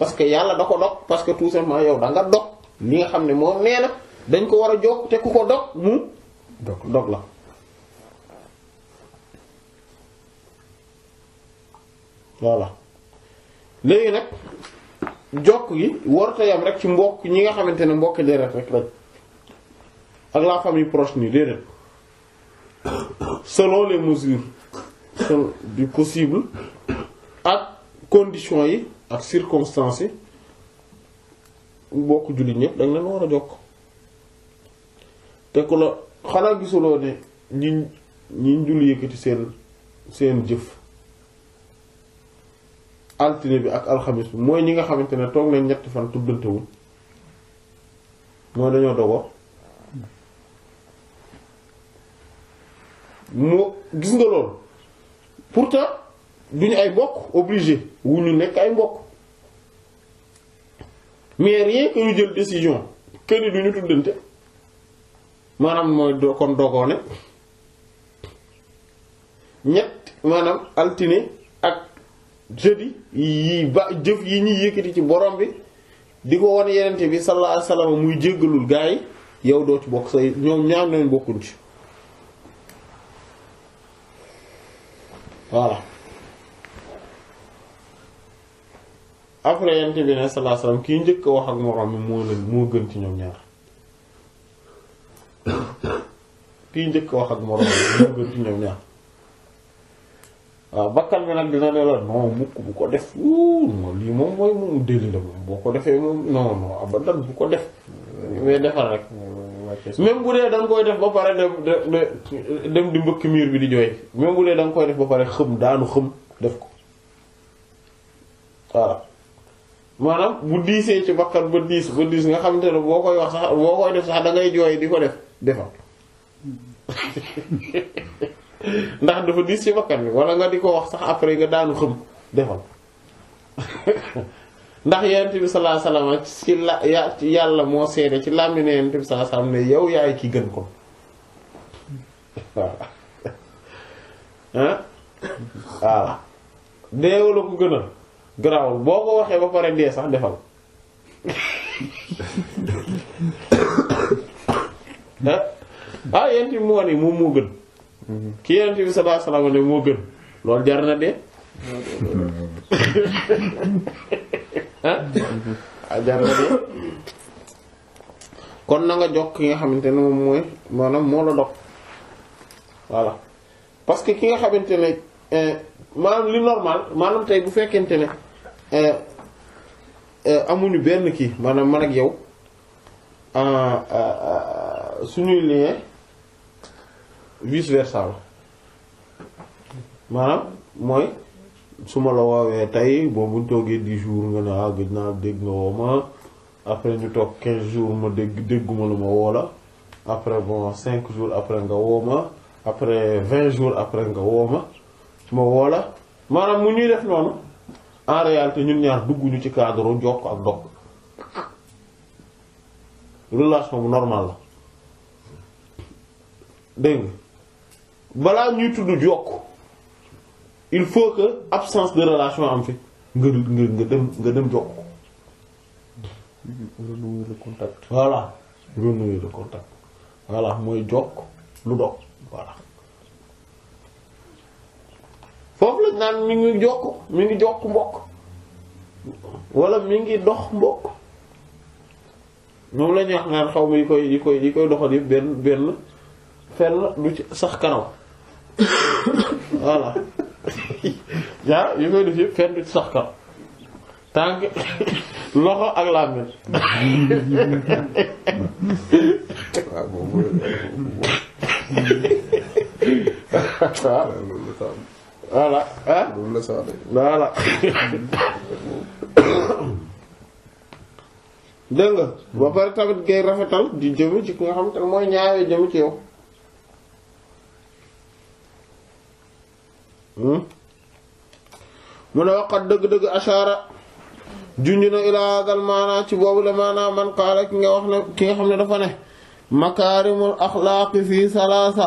parce que yàlla da ko dog parce que tout simplement yow da nga dog li nga xam ne moom nee dañ ko war a jokk te ku ko dog mu dog la voilà léegi nag jokk gi warut yam rek ci mbokk ñi nga xamante ne mbokk deret rek lañ ak la famille proche ni déedéet selon les mesures du possible ak conditions yi ak circonstances yi bokk jullit ñëpp danga leen war a jokk te ku la xanaa gisuloo ne ñi ñi julli yëkkati seen seen jëf altine bi ak alxamis bi mooy ñi nga xamante ne toog nañ ñett fan tuddantewuñ mooy dañoo dogo moo gis nga loolu pourtant duñ ay mbokk obligé wu ñu nek ay mbokk mais rien que ñu jël décision que duñu tuddante manam moy do kon dogoone ñet manam altine ak jeudi yi ba jëf yi ñi yëkëti ci borom bi diko won yenente bi sallallahu alayhi wasallam muy jéggalul gaay yow do ci bokk say ñoom ñaan nañ bokkuñ ci voilà après yent bi ne sallallahu kii njëkk wax ak moroom mi moo leen moo gën ci ñoom ñaar kii ak moroom mi moo waaw bakkan bi nag dina ne la non mukk bu ko def non lii moom mooy moom déli la moom boo ko defee moom non non abadan bu ko def mais defal rek même bu dee da nga koy def ba pare dem dem di mbëkk miir bi di jooy même bu dee da koy def ba pare xëm daanu xëm def ko voilà maanaam bu diisee ci bakkan ba diis ba diis nga xamante ne boo koy wax sax boo koy def sax da ngay jooy di ko def defal ndax dafa diis ci bakkan bi wala nga di ko wax sax après nga daanu xëm defal ndax yonent bi sallallahu alayhi wasallam ci yàlla moo seede ci làmmi ne yonent bi sallallahu ne yow yaay ki gën ko waaw voilà deewu ko gënal garaawul boo ko waxee ba pare dee sax defal ah yent moom moo gën ki yent bi sallallahu alayhi wasallam moo gën loolu jar na dee ah jar na dee kon nanga nga jox ki nga xamante ne moom mooy maanaam moo la dog voilà parce que ki nga xamante ne eh, maanaam li normal maanaam tey bu fekkente ne Euh, euh, amuñu benn kii maanaam man ak yow euh, suñuy lien vice versa la mooy su ma la woowee tey boo buñ toogee dix jours nga ne ah gëj dégg nga woo après ñu toog quinze jours ma dégg dégguma lu ma woo la après bon cinq jours après nga woo ma après vingt jours après nga woo ma ma woo mu ñuy def noonu en réalité ñun ñaar dugguñu ci cadre jokk ak dog relation bu normal la dégg balaa ñuy tudd jokk il faut que absence de relation am fi nga nga nga dem nga dem jokk. renouer renouer le contact voilà mooy jokk lu dog foofu lañ naan mi ngi jokk mi ngi jokk mbokk wala mi ngi dox mbokk moom lañuy ñuy wax naan xaw ma yi koy yi koy yi koy doxal yëpp benn benn fenn du ci sax karaw voilà yaa yi koy def yëpp fenn du ci sax karaw tànk loxo ak làmmiñ waaw voilà ah. voilà dégg nga ba pare tamit ngay rafetal di jëm ci ki nga xamante ne mooy ñaawee jëm ci yow. Hmm? mu ne waqat dëgg-dëgg ashaara junj na ilaa dal maanaa ci boobu la maanaa man qaala ki nga wax ne ki nga xam ne dafa ne makaarimul axlaaqi fii salaasa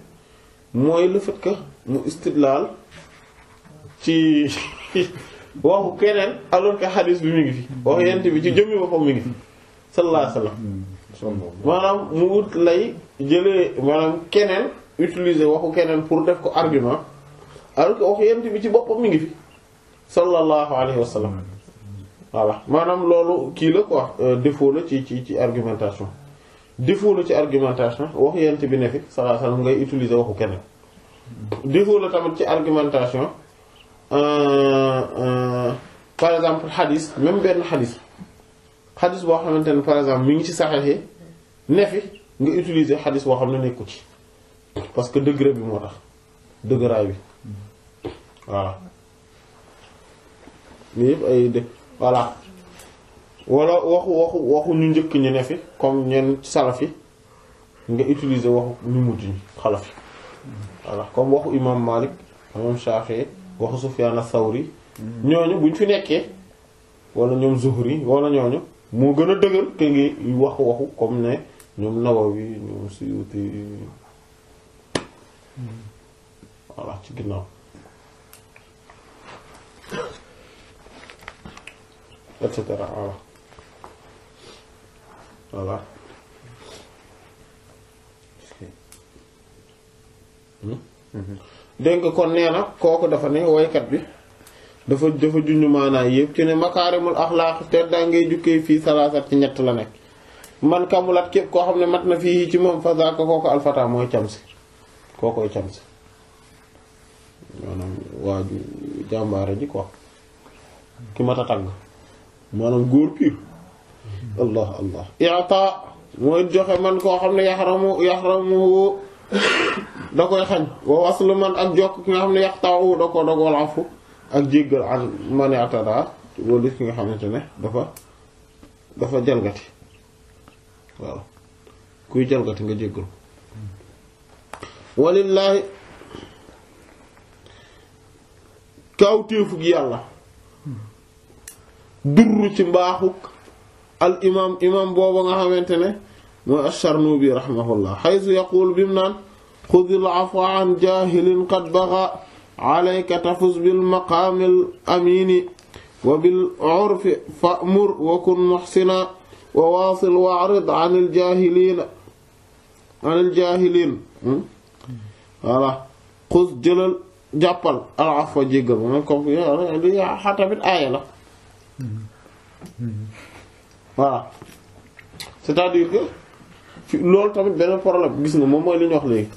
mooy le fait que mu istidlaal ci waxu keneen alors que xadis bi mi ngi fi wax yent bi ci jëmmi boppam mi ngi fi sallallahu alayhi maanaam mu wut lay jëlee maanaam keneen utiliser waxu keneen pour def ko argument alors que waxu yent bi ci boppam mi ngi fi sallallahu alayhi wasallam voilà maanaam loolu kii la quoi euh, défaut la ci ci ci argumentation défaut la ci argumentation waxu ti bi ne fi sallallahu alayhi wasallam ngay utiliser waxu keneen défaut la tamit ci argumentation euh, euh, par exemple xadis même benn xadis xadis boo xamante ne par exemple mi ngi ci saxeex yi ne nga utiliser xadis boo xam ne nekku ci parce que degré bi moo tax degré bi voilà. mais yëpp ay dé voilà wala waxu waxu waxu ñu njëkk ñu ne fi comme ñenn salafi nga utilise waxu ñu mujj ñi xalafi voilà comme waxu imam Malik imam Shafi waxu Sufyan as-Sawri mm. ñooñu buñ fi nekkee wala ñoom Zuhri wala ñooñu moo gën a dëgër ke ngi waxu waxu comme ne ñoom Nawawi ñoom Suyuti voilà ci ginnaaw voilà hmm? Hmm. dégg nga kon nee na kooku dafa ne woykat bi dafa dafa junj maanaa ci ne makaarimul axlaaq te daa ngay jukkee fii salaasat ci ñett la nekk man kamulat képp koo xam ne mat na fii ci moom fasaaka kooku alfata mooy camsi kookoy camsi maanaam waa jàmbaara ji quoi ki mat a tàgg maanaam góor pire allah allah i'ta mooy joxe man koo xam ne yaxramu yaxramu da koy xañ wa waslu man ak jokk ki nga xam ne yaxta'u da ko dogal afu ak jéggal an man i'tada walis ki nga xamante ne dafa dafa jalgati waaw kuy jalgati nga jéggal walillaahi kawtéefu gi yàlla hmm. durru ci mbaaxuk al imam imam bobo nga xamantene ne mooy Acharnubi rahimahullah hayz yaqul bi mu naan afwa an jahilin qad baxa alayka tafuz bil maqam al amin wa bil urf fa'mur wa kun muhsina wa waasil wa'rid al jahilin an al jahilin wala xus jilal jàppal al afwa jigal ma ne ko ya xatamit aaya la voilà c'est-à-dire que loolu tamit beneen problème gis nga moom mooy li wax léegi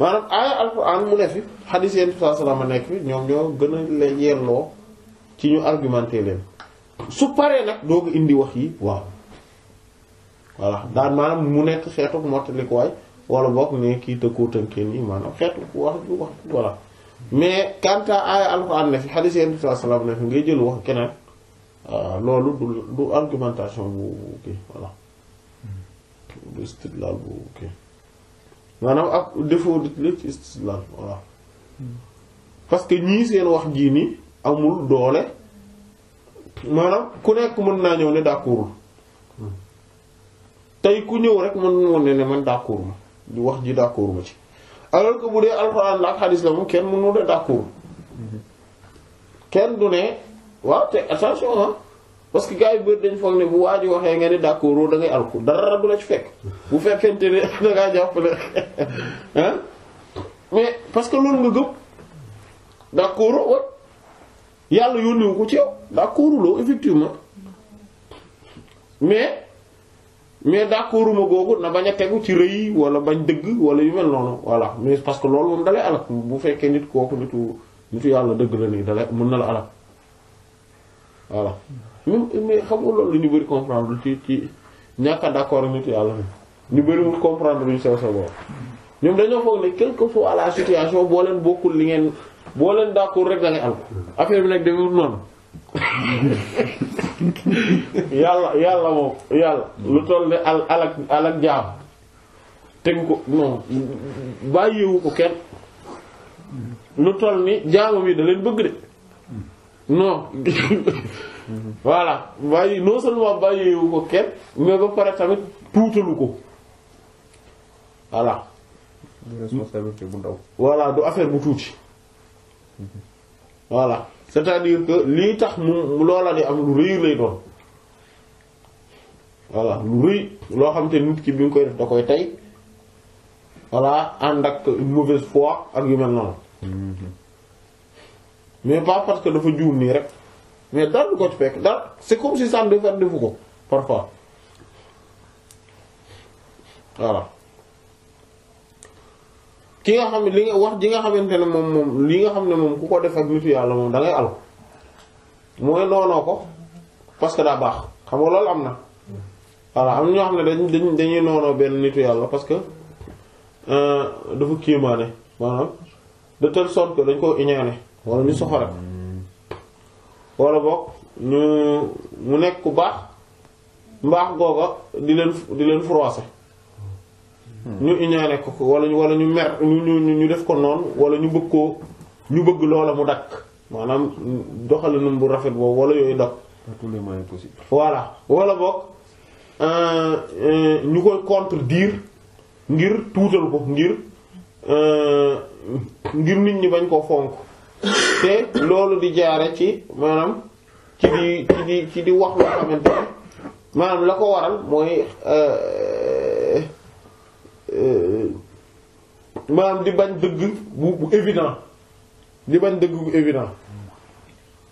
maanaam aaya alxuraan mu ne fi xadiis yi sallallahu alayhi wa nekk fi ñoom ñoo gën a leen yelloo ci ñu argumenté leen su paree nag doo ko indi wax yi waaw voilà daan maanaam mu nekk xeetu mottalikuwaay wala bokk ne kii tëkkoo tënkee nii maanaam xeetu wax wax voilà mais quant à aaya alxuraan ne fi xadiis yi sallallahu alayhi ne fi ngay jël wax keneen. waaw ah, loolu du argumentation bu kii voilà du istidlal bu kii maanaam ak défaut de ci istidlal voilà parce que ñii seen wax jii nii amul doole maanaam ku nekk mën naa ñëw ne d'accordul tey ku ñëw rek mën mën ne ne man d'accord ma wax ji d'accord ma ci alors que bu dee alxuraan la ak la moom kenn mënu ne d'accord kenn du ne waaw te attention ah parce que gars yi bëri dañ foog ne bu waa ji waxee nga ni d'accord da ngay alku dara du la ci fekk bu fekkente ne da ngaa jàpp ne ah mais parce que loolu nga gëm d'accord wa yàlla yónniwu ko ci yow d'accord loo effectivement mais mais d'accord ma googu na bañ tegu ci rëy wala bañ dëgg wala yu mel noonu voilà mais parce que loolu moom dalay alak bu fekkee nit kooku nitu nitu yàlla dëgg la nii dalay mun na la alak voilà même mais xam nga ñu bëri comprendre ci ci ñàkk d'accord nit yàlla ñu bëriwul comprendre luñ sew sa bopp ñoom dañoo foog ne quelque fois à la boo leen bokkul li ngeen boo leen d'accord rek da ngay am affaire bi nag demewul noonu yàlla yàlla moom yàlla lu toll ne al alak alak jaam tegu ko non bàyyiwu ko kenn lu toll ni jaamam yi da leen bëgg de. non voilà bàyyi non seulement bàyyiwu ko kenn mais ba pare tamit tuutalu ko voilà. du bu ndaw. voilà du affaire bu tuuti voilà cest diir dire que lii tax mu loola di am lu rëy lay doon voilà lu rëy loo xam te nit ki bi nga koy def da koy tey voilà ànd ak mauvaise foi ak yu mel noonu. Mm-hmm. mais pas parce que dafa juum nii rek mais dara du ko ci fekk dara c'est comme si sànni far defu ko parfois voilà ki nga xam ne li nga wax ji nga xamante ne moom moom li nga xam ne moom ku ko def ak nitu yàlla moom da ngay al mooy noonoo ko parce que daa baax xam nga loolu am na voilà am na ñoo xam ne dañ dañuy noonoo benn nitu yàlla parce que euh, dafa kéemaane maanaam de telle sorte que dañ koo iñaane wala ñu soxore ko wala ñu mu nekk ku baax mbaax googa di leen di leen froissé hmm. ñu iñaane ko wala wala ñu mer ñu ñu def ko noon wala ñu bëgg koo ñu bëgg loola mu dakk maanaam doxalinam bu rafet boobu wala yooyu dakk tous les moyens wala boog euh, euh, ñu koy contredire ngir tuutal ko ngir euh, ngir nit ñi bañ koo fonk te loolu di jaare ci maanaam ci di ci di wax loo xamante ne la ko waral mooy euh, euh, maanaam di bañ dëgg bu évident di bañ dëgg bu évident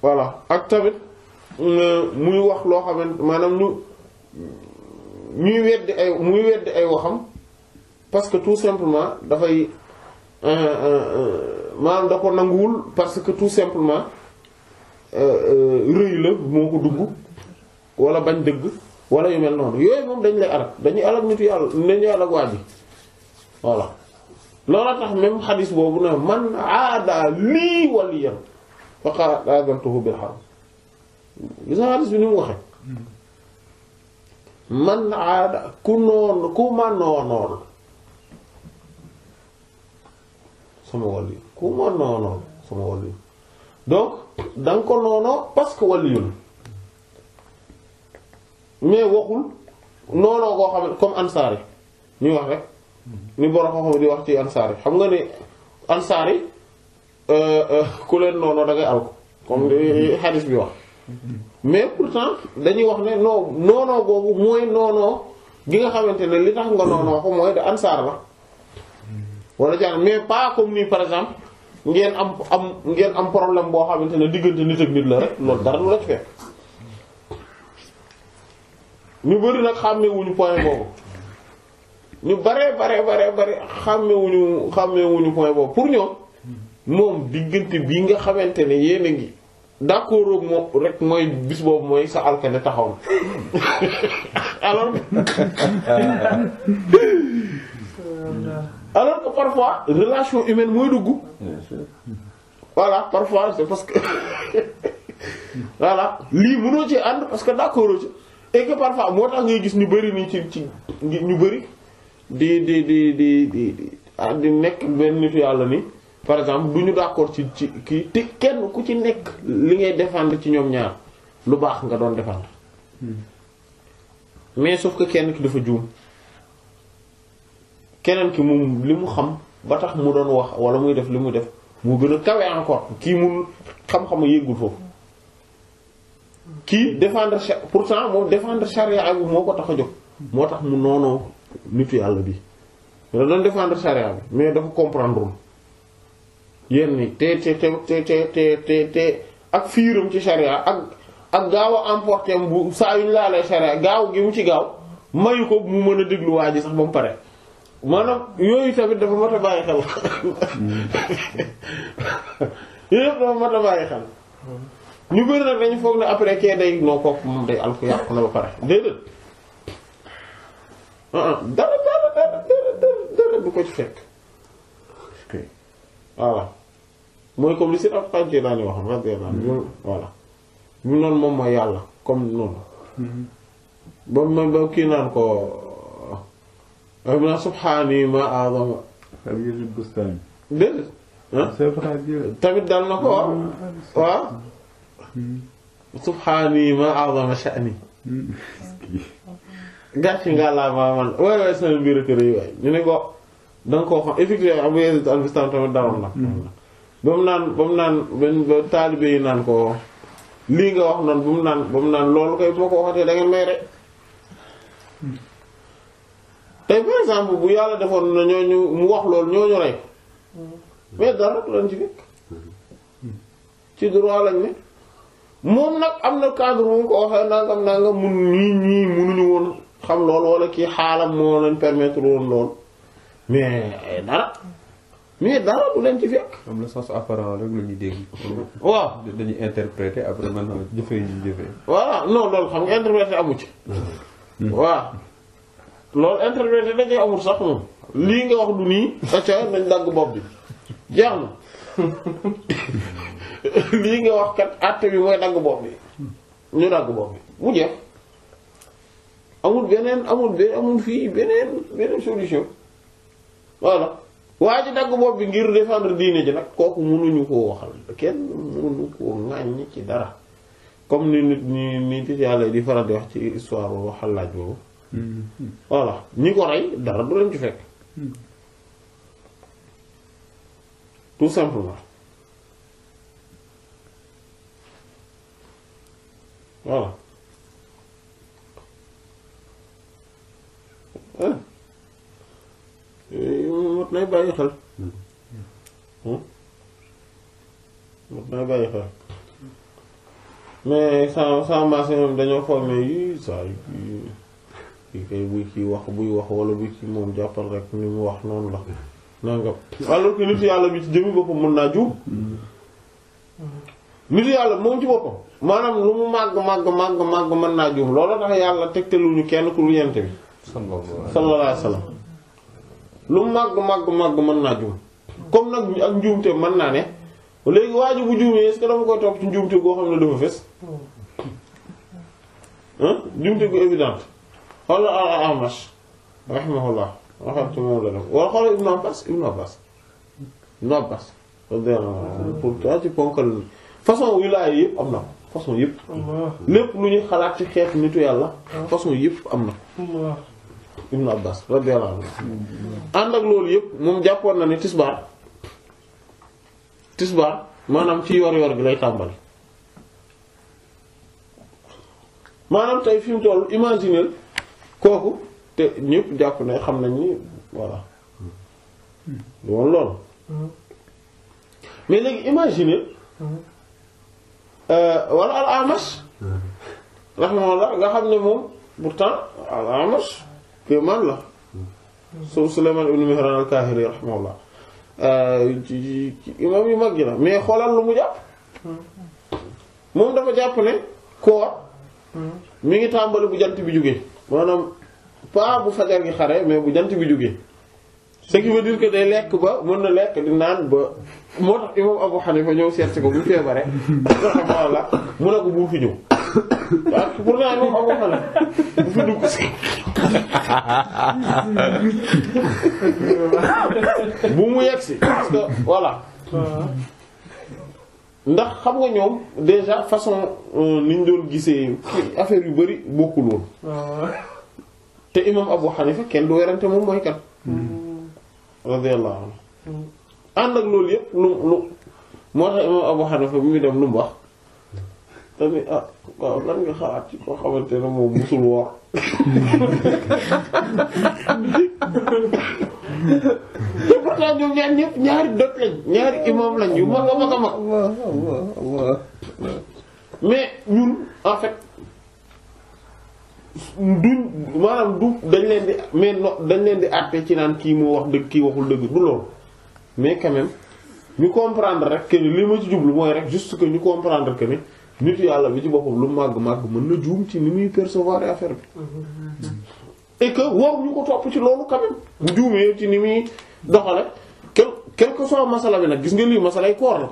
voilà ak tamit euh, muy wax loo xamante maanaam ñu ñuy weddi ay muy weddi ay waxam parce que tout simplement dafay maanaam da ko nanguwul parce que tout simplement euh, euh, rëy la moo ko dugg wala bañ dëgg wala yu mel noonu yooyu moom dañ lay alag dañuy alag nitu yàlla dañuy alag waa ji voilà loola tax même xadis boobu na man aada lii waliyan faqad aadantuhu bil harb gis nga xadis bi ni mu waxe hmm. man aada ku noonu ku ma noonool sama wàllu ku ma noonoo sama wàllu donc da ko noonoo parce que wàllu mais waxul noonoo koo xam comme ansaari ñuy wax rek ni borom xam di wax ci ansaari xam nga ne ansaari euh, euh, ku leen noonoo da ngay comme li bi wax mais pourtant dañuy wax ne non noonoo googu mooy noonoo gi nga xamante ne li tax nga noonoo ko mooy de ansaar la. wala jàng mais pas comme ni par exemple ngeen am am ngeen am problème boo xamante ne diggante nit ak nit la rek loolu dara lu la ci ñu bëri nag xàmmeewuñu point boobu ñu bare bare bare bare xàmmewuñu xàmmewuñu point boobu pour ñoom moom diggante bii nga xamante ne yéen a ngi d'accord moom rek mooy bis boobu mooy sa alkane taxaw na alors que parfois relation humaine moy dugg. voilà parfois c'est parce que voilà li mëno ci and parce que d'accord ci et que parfois motax ngay gis ñu bari ni ci ci ñu bari di di di di di di ah, nekk benn nitu yalla ni par exemple duñu d'accord ci ci kii te kenn ku ci nek li ngay défendre ci ñom ñaar lu bax nga doon défendre hmm. mais sauf que kenn ki dafa joom keneen ki moom li mu xam ba tax mu doon wax wala muy def li mu def moo gën a kawe encore kii mun xam-xam yéegul foofu kii pour pourtant moom défendre charia bi moo ko tax a jóg moo tax mu noonoo nitu yàlla bi da doon défendre charia bi mais dafa comprendre yéen ni te te te te te te ak fiiram ci charia ak ak gaaw a emporté bu saa yu ñu laalee charia gaaw gi mu ci gaaw mayu ko mu mën a déglu waa ji sax ba mu pare maanaam yooyu tamit dafa mat a bàyyi xel yooyu yëpp dafa mat a bàyyi xel ñu bëri nag dañu foog ne après kee day noo kooku moom day alku yàqu na ba pare déedéet ah, ah, dara dara dara du ko ci fekk voilà mooy comme li si ab xaj daani wax radiyallahu voilà ñu noonu moom mooy yàlla comme noonu mhm. ba ma ba kii naan ko maanaam subhaani ma azama. Sayyid tamit dal na ko waaw. Hmm. waaw. Hmm. subhaani ma azama sha'ni. Hmm. gàcce ngàllaa maa man waay waay sama biir kër yi waay ñu ne ko da koo xam effectivement Abu Yazid tamit dawoon na. ba mu naan ba mu naan benn ba naan ko lii nga wax noonu ba mu naan ba mu naan loolu koy boo ko waxatee da may rek. tey par exemple bu yàlla defoon na ñooñu mu wax loolu ñooñu rey mais dara du leen ci fekk ci droit lañ ne moom nag am na cadre mu ko waxee nangam nangam mun ñii ñii munuñu woon xam lool wala kii xaalam moo leen permettre woon lool mais dara mais dara du leen ci fekk. waaw dañuy interpréter xam nga interpréter amu ci. waaw. loolu intervention da ngay amul sax moom lii nga wax du nii acca nañ dagg bopp bi jeex na lii nga wax kat àtte bi mooy dagg bopp bi ñu dagg bopp bi mu jeex amul beneen amul beneen amul fii beneen solution voilà waa ji dagg bopp bi ngir défendre diine ji nag kooku mënuñu koo waxal kenn mënuñu koo ŋàññ ci dara comme ni nit ñi nit yàlla di faral di wax ci histoire waxal laaj boobu voilà ñi ko rey dara du leen fekk hmm. tout simplement voilà ah. eh, mot nay bàyyi xel mot hmm. hmm. nay bàyyi xel mais sans sans masse dañoo formé yi saa yi kii kay buy kii wax buy wax wala buy kii moom jàppal rek ni mu wax noonu la nangam alors que nit yàlla bi ci jëmi boppam mën naa juum nit yàlla moom ci boppam maanaam lu mu màgg màgg màgg màgg mën naa juum loolu yàlla tegtaluñu kenn ku lu màgg màgg màgg mën naa juum comme nag ak njuumte mën naa ne léegi waa ji bu juumee est-ce dama koy topp ci njuumte goo xam ne dafa fes njuumte gu évidente قال الأعمش رحمه الله رحمة الله له وقال ابن عباس ابن عباس ابن عباس رضي الله عنه pour toi tu penses que façon wilaaya yëpp am na ko façon yëpp lépp lu ñuy xalaat ci xeetu nitu yàlla façon yëpp am na ko ibn Abbas radiyallahu anhu ànd ak loolu yëpp moom jàppoon na ne tisbaar tisbaar maanaam ci yor yor gi lay tàmbali maanaam tey fi mu toll imaginer kooku te ñëpp jàpp ne xam nañ ni voilà hmm. lool hmm. mais léegi imagine hmm. euh, wala al amash rahimahullah nga xam ne moom pourtant al amash que la soo Sulaymaan ibn Mihraan al-Kaahili rahimahullah euh, imaam yu mag yi la mais xoolal lu mu jàpp moom dafa jàpp ne koor mi ngi tàmbali bu jant bi jógee maanaam pas bu fajar gi xare mais bu jant bi jógee ce qui veut dire que lekk ba mën na lekk di naan ba moo tax imam Abu Hanifa ñëw seet ko bu feebaree alhamdulilah mu ko bu fi ñëw waaw pourtant imam Abu Hanifa bu fi dugg si bu mu yegg si parce ndax xam nga ñoom déjà façon euh, ni ñu doon gisee affaire yu bari bokkul woon ah. te imam Abu Hanifa kenn du werante moom mooy kan hmm. radiyallahu anhu hmm. ànd ak loolu yëpp lu lu moo tax imam Abu Hanifa bi muy dem lu mu tamit ah waaw lan nga xalaat ci koo xamante ne moom musul woor te pourtant ñoom ñaar ñëpp ñaari dot lañ ñaari imam lañ yu mag a mag a mais ñun en fait duñ maanaam du dañ leen di mais no dañ leen di àtte ci naan kii moo wax dëgg kii waxul dëgg du loolu mais quand même ñu comprendre rek que ni ma ci jublu mooy rek juste que ñu comprendre que nit yàlla bi ci boppam lu màgg màgg mën na juum ci ni muy percevoir affaire bi. et que waruñu ko topp ci loolu quand bu juumee ci ni muy doxale quel quel que soit bi nag gis nga lii masalay koor la.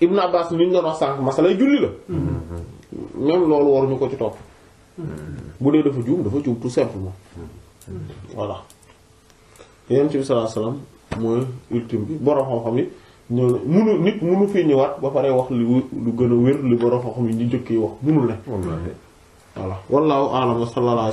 Ibn Abbas mi ñu doon wax sànq julli la. même loolu waruñu ko ci topp. bu dee dafa juum dafa juum tout simplement. voilà. yéen ci bi sallallahu alayhi mooy ultime bi borom xam-xam yi. ñoo munu nit munu fee ñëwaat ba pare wax lu lu gën a wér li borom xam-xam yi ñu jëkk yi wax munul ne. voilà wallaahu a'lam wa sallallaahu